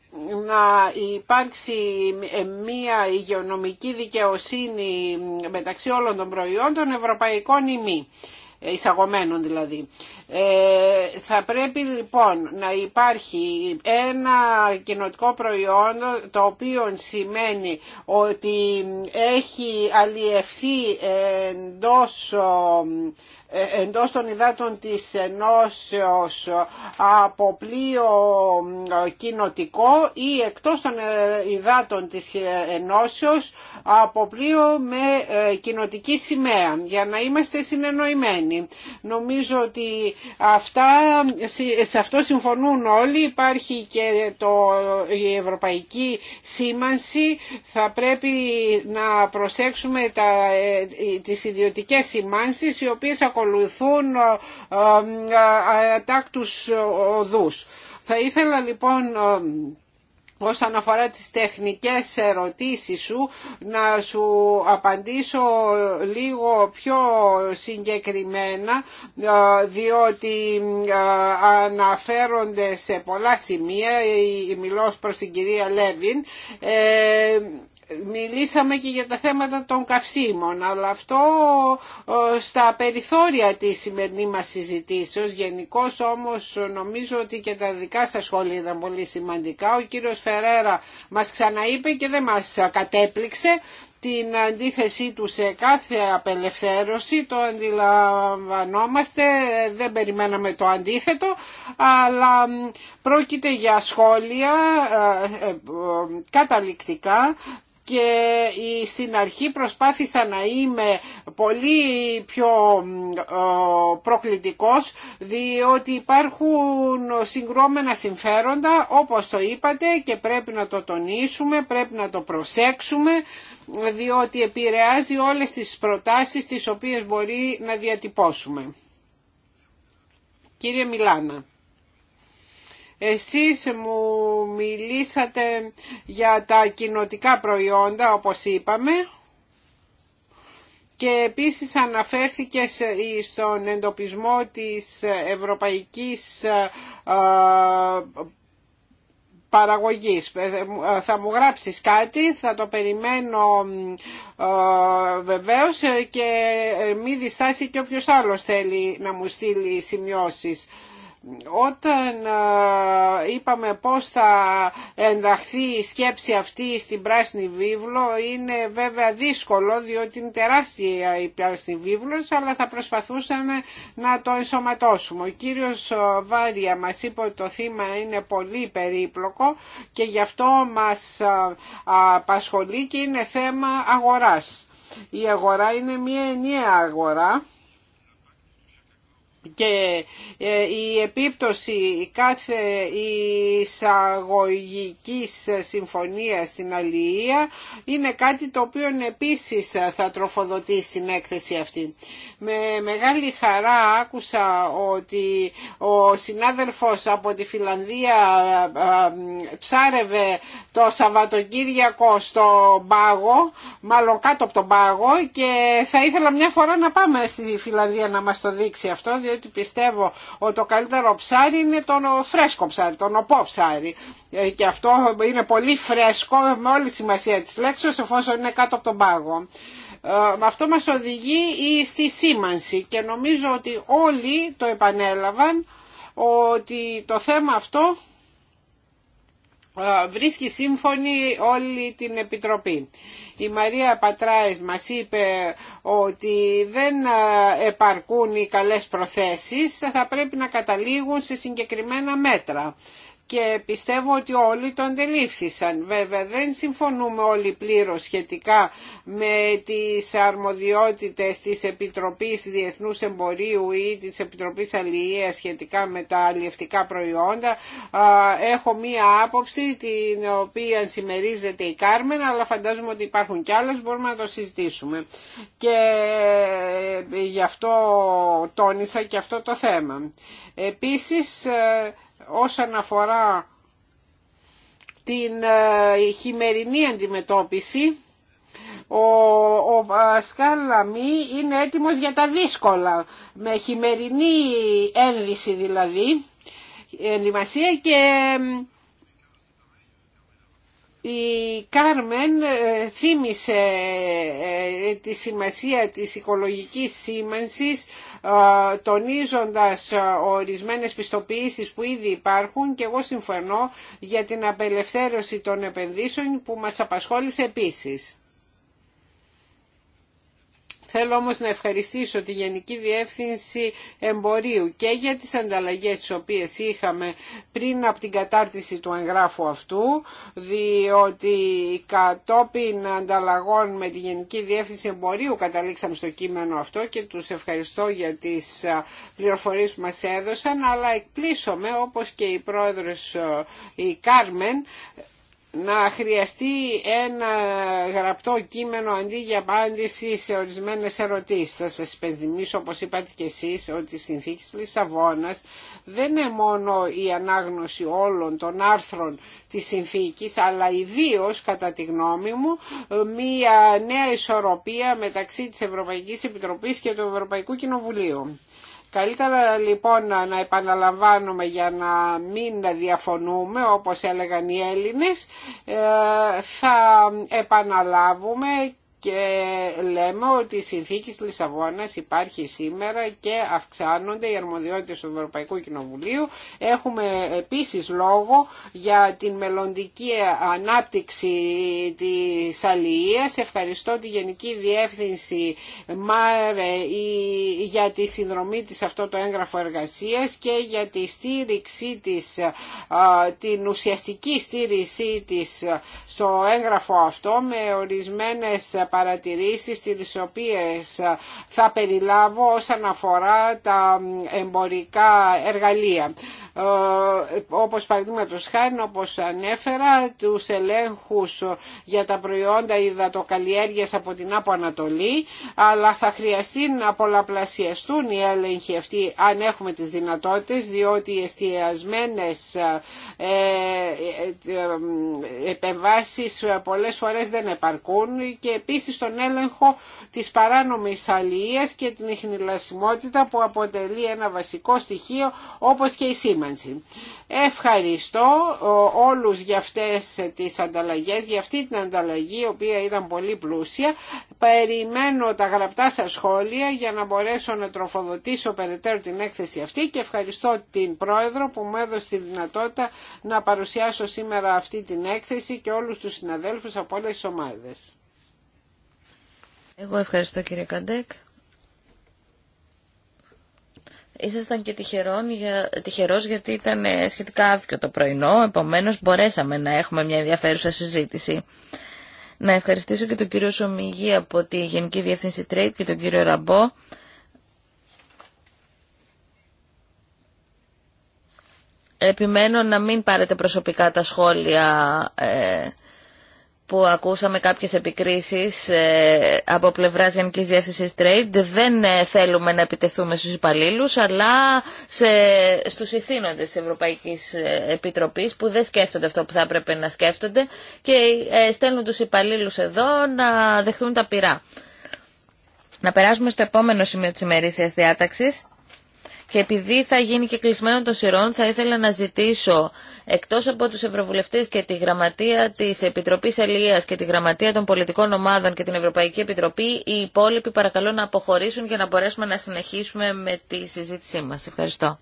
να υπάρξει ε, μια υγειονομική δικαιοσύνη μεταξύ όλων των προϊόντων ευρωπαϊκών μη εισαγωμένων δηλαδή. Ε, θα πρέπει λοιπόν να υπάρχει ένα κοινοτικό προϊόν το οποίο σημαίνει ότι έχει αλλιευθεί εντός ε, εντός των υδάτων της ενώσεως από πλοίο ε, κοινοτικό ή εκτός των ε, υδάτων της ενώσεως από πλοίο με κοινοτική σημαία για να είμαστε συνεννοημένοι. Νομίζω ότι αυτά, σε αυτό συμφωνούν όλοι. Υπάρχει και το, η ευρωπαϊκή σήμανση. Θα πρέπει να προσέξουμε τα, τις ιδιωτικές σημάνσεις οι οποίες ακολουθούν ατάκτους ε, ε, ε, οδούς. Θα ήθελα λοιπόν όσον αφορά τις τεχνικές ερωτήσεις σου να σου απαντήσω λίγο πιο συγκεκριμένα διότι αναφέρονται σε πολλά σημεία μιλώ προς την κυρία Λέβιν Μιλήσαμε και για τα θέματα των καυσίμων, αλλά αυτό ε, στα περιθώρια της σημερινή μας συζητήσεως. Γενικώ όμως νομίζω ότι και τα δικά σας σχόλια ήταν πολύ σημαντικά. Ο κύριος Φερέρα μας ξαναείπε και δεν μας κατέπληξε την αντίθεσή του σε κάθε απελευθέρωση, το αντιλαμβανόμαστε, δεν περιμέναμε το αντίθετο, αλλά πρόκειται για σχόλια ε, ε, καταληκτικά και στην αρχή προσπάθησα να είμαι πολύ πιο προκλητικός διότι υπάρχουν συγκρόμενα συμφέροντα όπως το είπατε και πρέπει να το τονίσουμε, πρέπει να το προσέξουμε διότι επηρεάζει όλες τις προτάσεις τις οποίες μπορεί να διατυπώσουμε. Κύριε Μιλάνα. Εσείς μου μιλήσατε για τα κοινοτικά προϊόντα, όπως είπαμε, και επίσης αναφέρθηκε στον εντοπισμό της ευρωπαϊκής παραγωγής. Ε, ε, θα μου γράψεις κάτι, θα το περιμένω βεβαίως ε, και μη διστάσει και όποιος άλλος θέλει να μου στείλει σημειώσεις όταν είπαμε πώς θα ενταχθεί η σκέψη αυτή στην πράσινη βίβλο είναι βέβαια δύσκολο διότι είναι τεράστια η πράσινη βίβλος αλλά θα προσπαθούσαμε να το ενσωματώσουμε. Ο κύριος Βάρια μας είπε ότι το θύμα είναι πολύ περίπλοκο και γι' αυτό μας απασχολεί και είναι θέμα αγοράς. Η αγορά είναι μια ενιαία αγορά και ε, η επίπτωση κάθε εισαγωγικής συμφωνία στην αλληλεία είναι κάτι το οποίο επίσης θα τροφοδοτεί στην έκθεση αυτή. Με μεγάλη χαρά άκουσα ότι ο συνάδελφος από τη Φιλανδία ε, ε, ψάρευε το Σαββατοκύριακο στο Πάγο, μάλλον κάτω από τον Πάγο και θα ήθελα μια φορά να πάμε στη Φιλανδία να μας το δείξει αυτό, διότι πιστεύω ότι το καλύτερο ψάρι είναι το φρέσκο ψάρι, το νοπό ψάρι. Ε, και αυτό είναι πολύ φρέσκο με όλη τη σημασία της λέξης εφόσον είναι κάτω από τον πάγο. Ε, αυτό μας οδηγεί στη σήμανση και νομίζω ότι όλοι το επανέλαβαν ότι το θέμα αυτό βρίσκει σύμφωνη όλη την Επιτροπή. Η Μαρία Πατράης μας είπε ότι δεν επαρκούν οι καλές προθέσεις, θα πρέπει να καταλήγουν σε συγκεκριμένα μέτρα και πιστεύω ότι όλοι το αντελήφθησαν. Βέβαια δεν συμφωνούμε όλοι πλήρως σχετικά με τις αρμοδιότητες της Επιτροπής Διεθνούς Εμπορίου ή της Επιτροπής Αλληλείας σχετικά με τα αλληλευτικά προϊόντα. Έχω μία άποψη την οποία συμμερίζεται η Κάρμεν αλλά φαντάζομαι ότι υπάρχουν κι άλλες μπορούμε να το συζητήσουμε. Και ε, γι' αυτό τόνισα και αυτό το θέμα. Επίσης ε, όσον αφορά την ε, χειμερινή αντιμετώπιση, ο, ο Πασκάλ Λαμή είναι έτοιμος για τα δύσκολα, με χειμερινή ένδυση δηλαδή, ε, ενδυμασία και ε, η Κάρμεν ε, θύμισε ε, ε, τη σημασία της οικολογικής σήμανσης τονίζοντας ορισμένες πιστοποιήσεις που ήδη υπάρχουν και εγώ συμφωνώ για την απελευθέρωση των επενδύσεων που μας απασχόλησε επίσης. Θέλω όμως να ευχαριστήσω τη Γενική Διεύθυνση Εμπορίου και για τις ανταλλαγές τις οποίες είχαμε πριν από την κατάρτιση του εγγράφου αυτού, διότι κατόπιν ανταλλαγών με τη Γενική Διεύθυνση Εμπορίου καταλήξαμε στο κείμενο αυτό και τους ευχαριστώ για τις πληροφορίες που μας έδωσαν, αλλά εκπλήσωμε όπως και η πρόεδρος η Κάρμεν να χρειαστεί ένα γραπτό κείμενο αντί για απάντηση σε ορισμένες ερωτήσεις. Θα σας υπενθυμίσω όπως είπατε και εσείς ότι η συνθήκη της Λισαβόνας δεν είναι μόνο η ανάγνωση όλων των άρθρων της συνθήκης αλλά ιδίω κατά τη γνώμη μου μια νέα ισορροπία μεταξύ της Ευρωπαϊκής Επιτροπής και του Ευρωπαϊκού Κοινοβουλίου. Καλύτερα λοιπόν να επαναλαμβάνουμε για να μην διαφωνούμε όπως έλεγαν οι Έλληνες ε, θα επαναλάβουμε και λέμε ότι η συνθήκη τη Λισαβόνας υπάρχει σήμερα και αυξάνονται οι αρμοδιότητες του Ευρωπαϊκού Κοινοβουλίου. Έχουμε επίσης λόγο για την μελλοντική ανάπτυξη της αλληλείας. Ευχαριστώ τη Γενική Διεύθυνση ΜΑΡΕ για τη συνδρομή της αυτό το έγγραφο εργασίας και για τη στήριξή της, την ουσιαστική στήριξή της στο έγγραφο αυτό με ορισμένες παρατηρήσεις τις οποίες θα περιλάβω όσον αφορά τα εμπορικά εργαλεία. Όπως παραδείγματο χάνει, όπως ανέφερα, τους ελέγχους για τα προϊόντα υδατοκαλλιέργειας από την Άπο αλλά θα χρειαστεί να πολλαπλασιαστούν οι έλεγχοι αυτοί αν έχουμε τις δυνατότητες, διότι οι εστιασμένες επεμβάσεις πολλές φορές δεν επαρκούν και επίση τον έλεγχο τη παράνομη αλληλεία και την εχνηλασιμότητα που αποτελεί ένα βασικό στοιχείο όπως και η σήμανση. Ευχαριστώ ε, όλους για αυτέ τι ανταλλαγέ, για αυτή την ανταλλαγή η οποία ήταν πολύ πλούσια. Περιμένω τα γραπτά σας σχόλια για να μπορέσω να τροφοδοτήσω περαιτέρω την έκθεση αυτή και ευχαριστώ την Πρόεδρο που μου έδωσε τη δυνατότητα να παρουσιάσω σήμερα αυτή την έκθεση και όλους τους συναδέλφους από όλες τις ομάδες. Εγώ ευχαριστώ κύριε Καντέκ. Ήσασταν και τυχερόν για... τυχερός γιατί ήταν ε, σχετικά άδικο το πρωινό, επομένως μπορέσαμε να έχουμε μια ενδιαφέρουσα συζήτηση. Να ευχαριστήσω και τον κύριο Σομιγή από τη Γενική Διεύθυνση Trade και τον κύριο Ραμπό. Επιμένω να μην πάρετε προσωπικά τα σχόλια ε, που ακούσαμε κάποιες επικρίσεις ε, από πλευράς Γενικής Διεύθυνσης Trade δεν ε, θέλουμε να επιτεθούμε στους υπαλλήλους αλλά σε, στους ηθήνοντες της Ευρωπαϊκής ε, Επιτροπής που δεν σκέφτονται αυτό που θα έπρεπε να σκέφτονται και στέλνουν τους υπαλλήλους εδώ να δεχθούν τα πειρά. Να περάσουμε στο επόμενο σημείο της ημερήσιας διάταξης και επειδή θα γίνει και κλεισμένο των σειρών θα ήθελα να ζητήσω εκτός από τους Ευρωβουλευτές και τη Γραμματεία της Επιτροπής Ελίας και τη Γραμματεία των Πολιτικών Ομάδων και την Ευρωπαϊκή Επιτροπή, οι υπόλοιποι παρακαλώ να αποχωρήσουν για να μπορέσουμε να συνεχίσουμε με τη συζήτησή μας. Ευχαριστώ.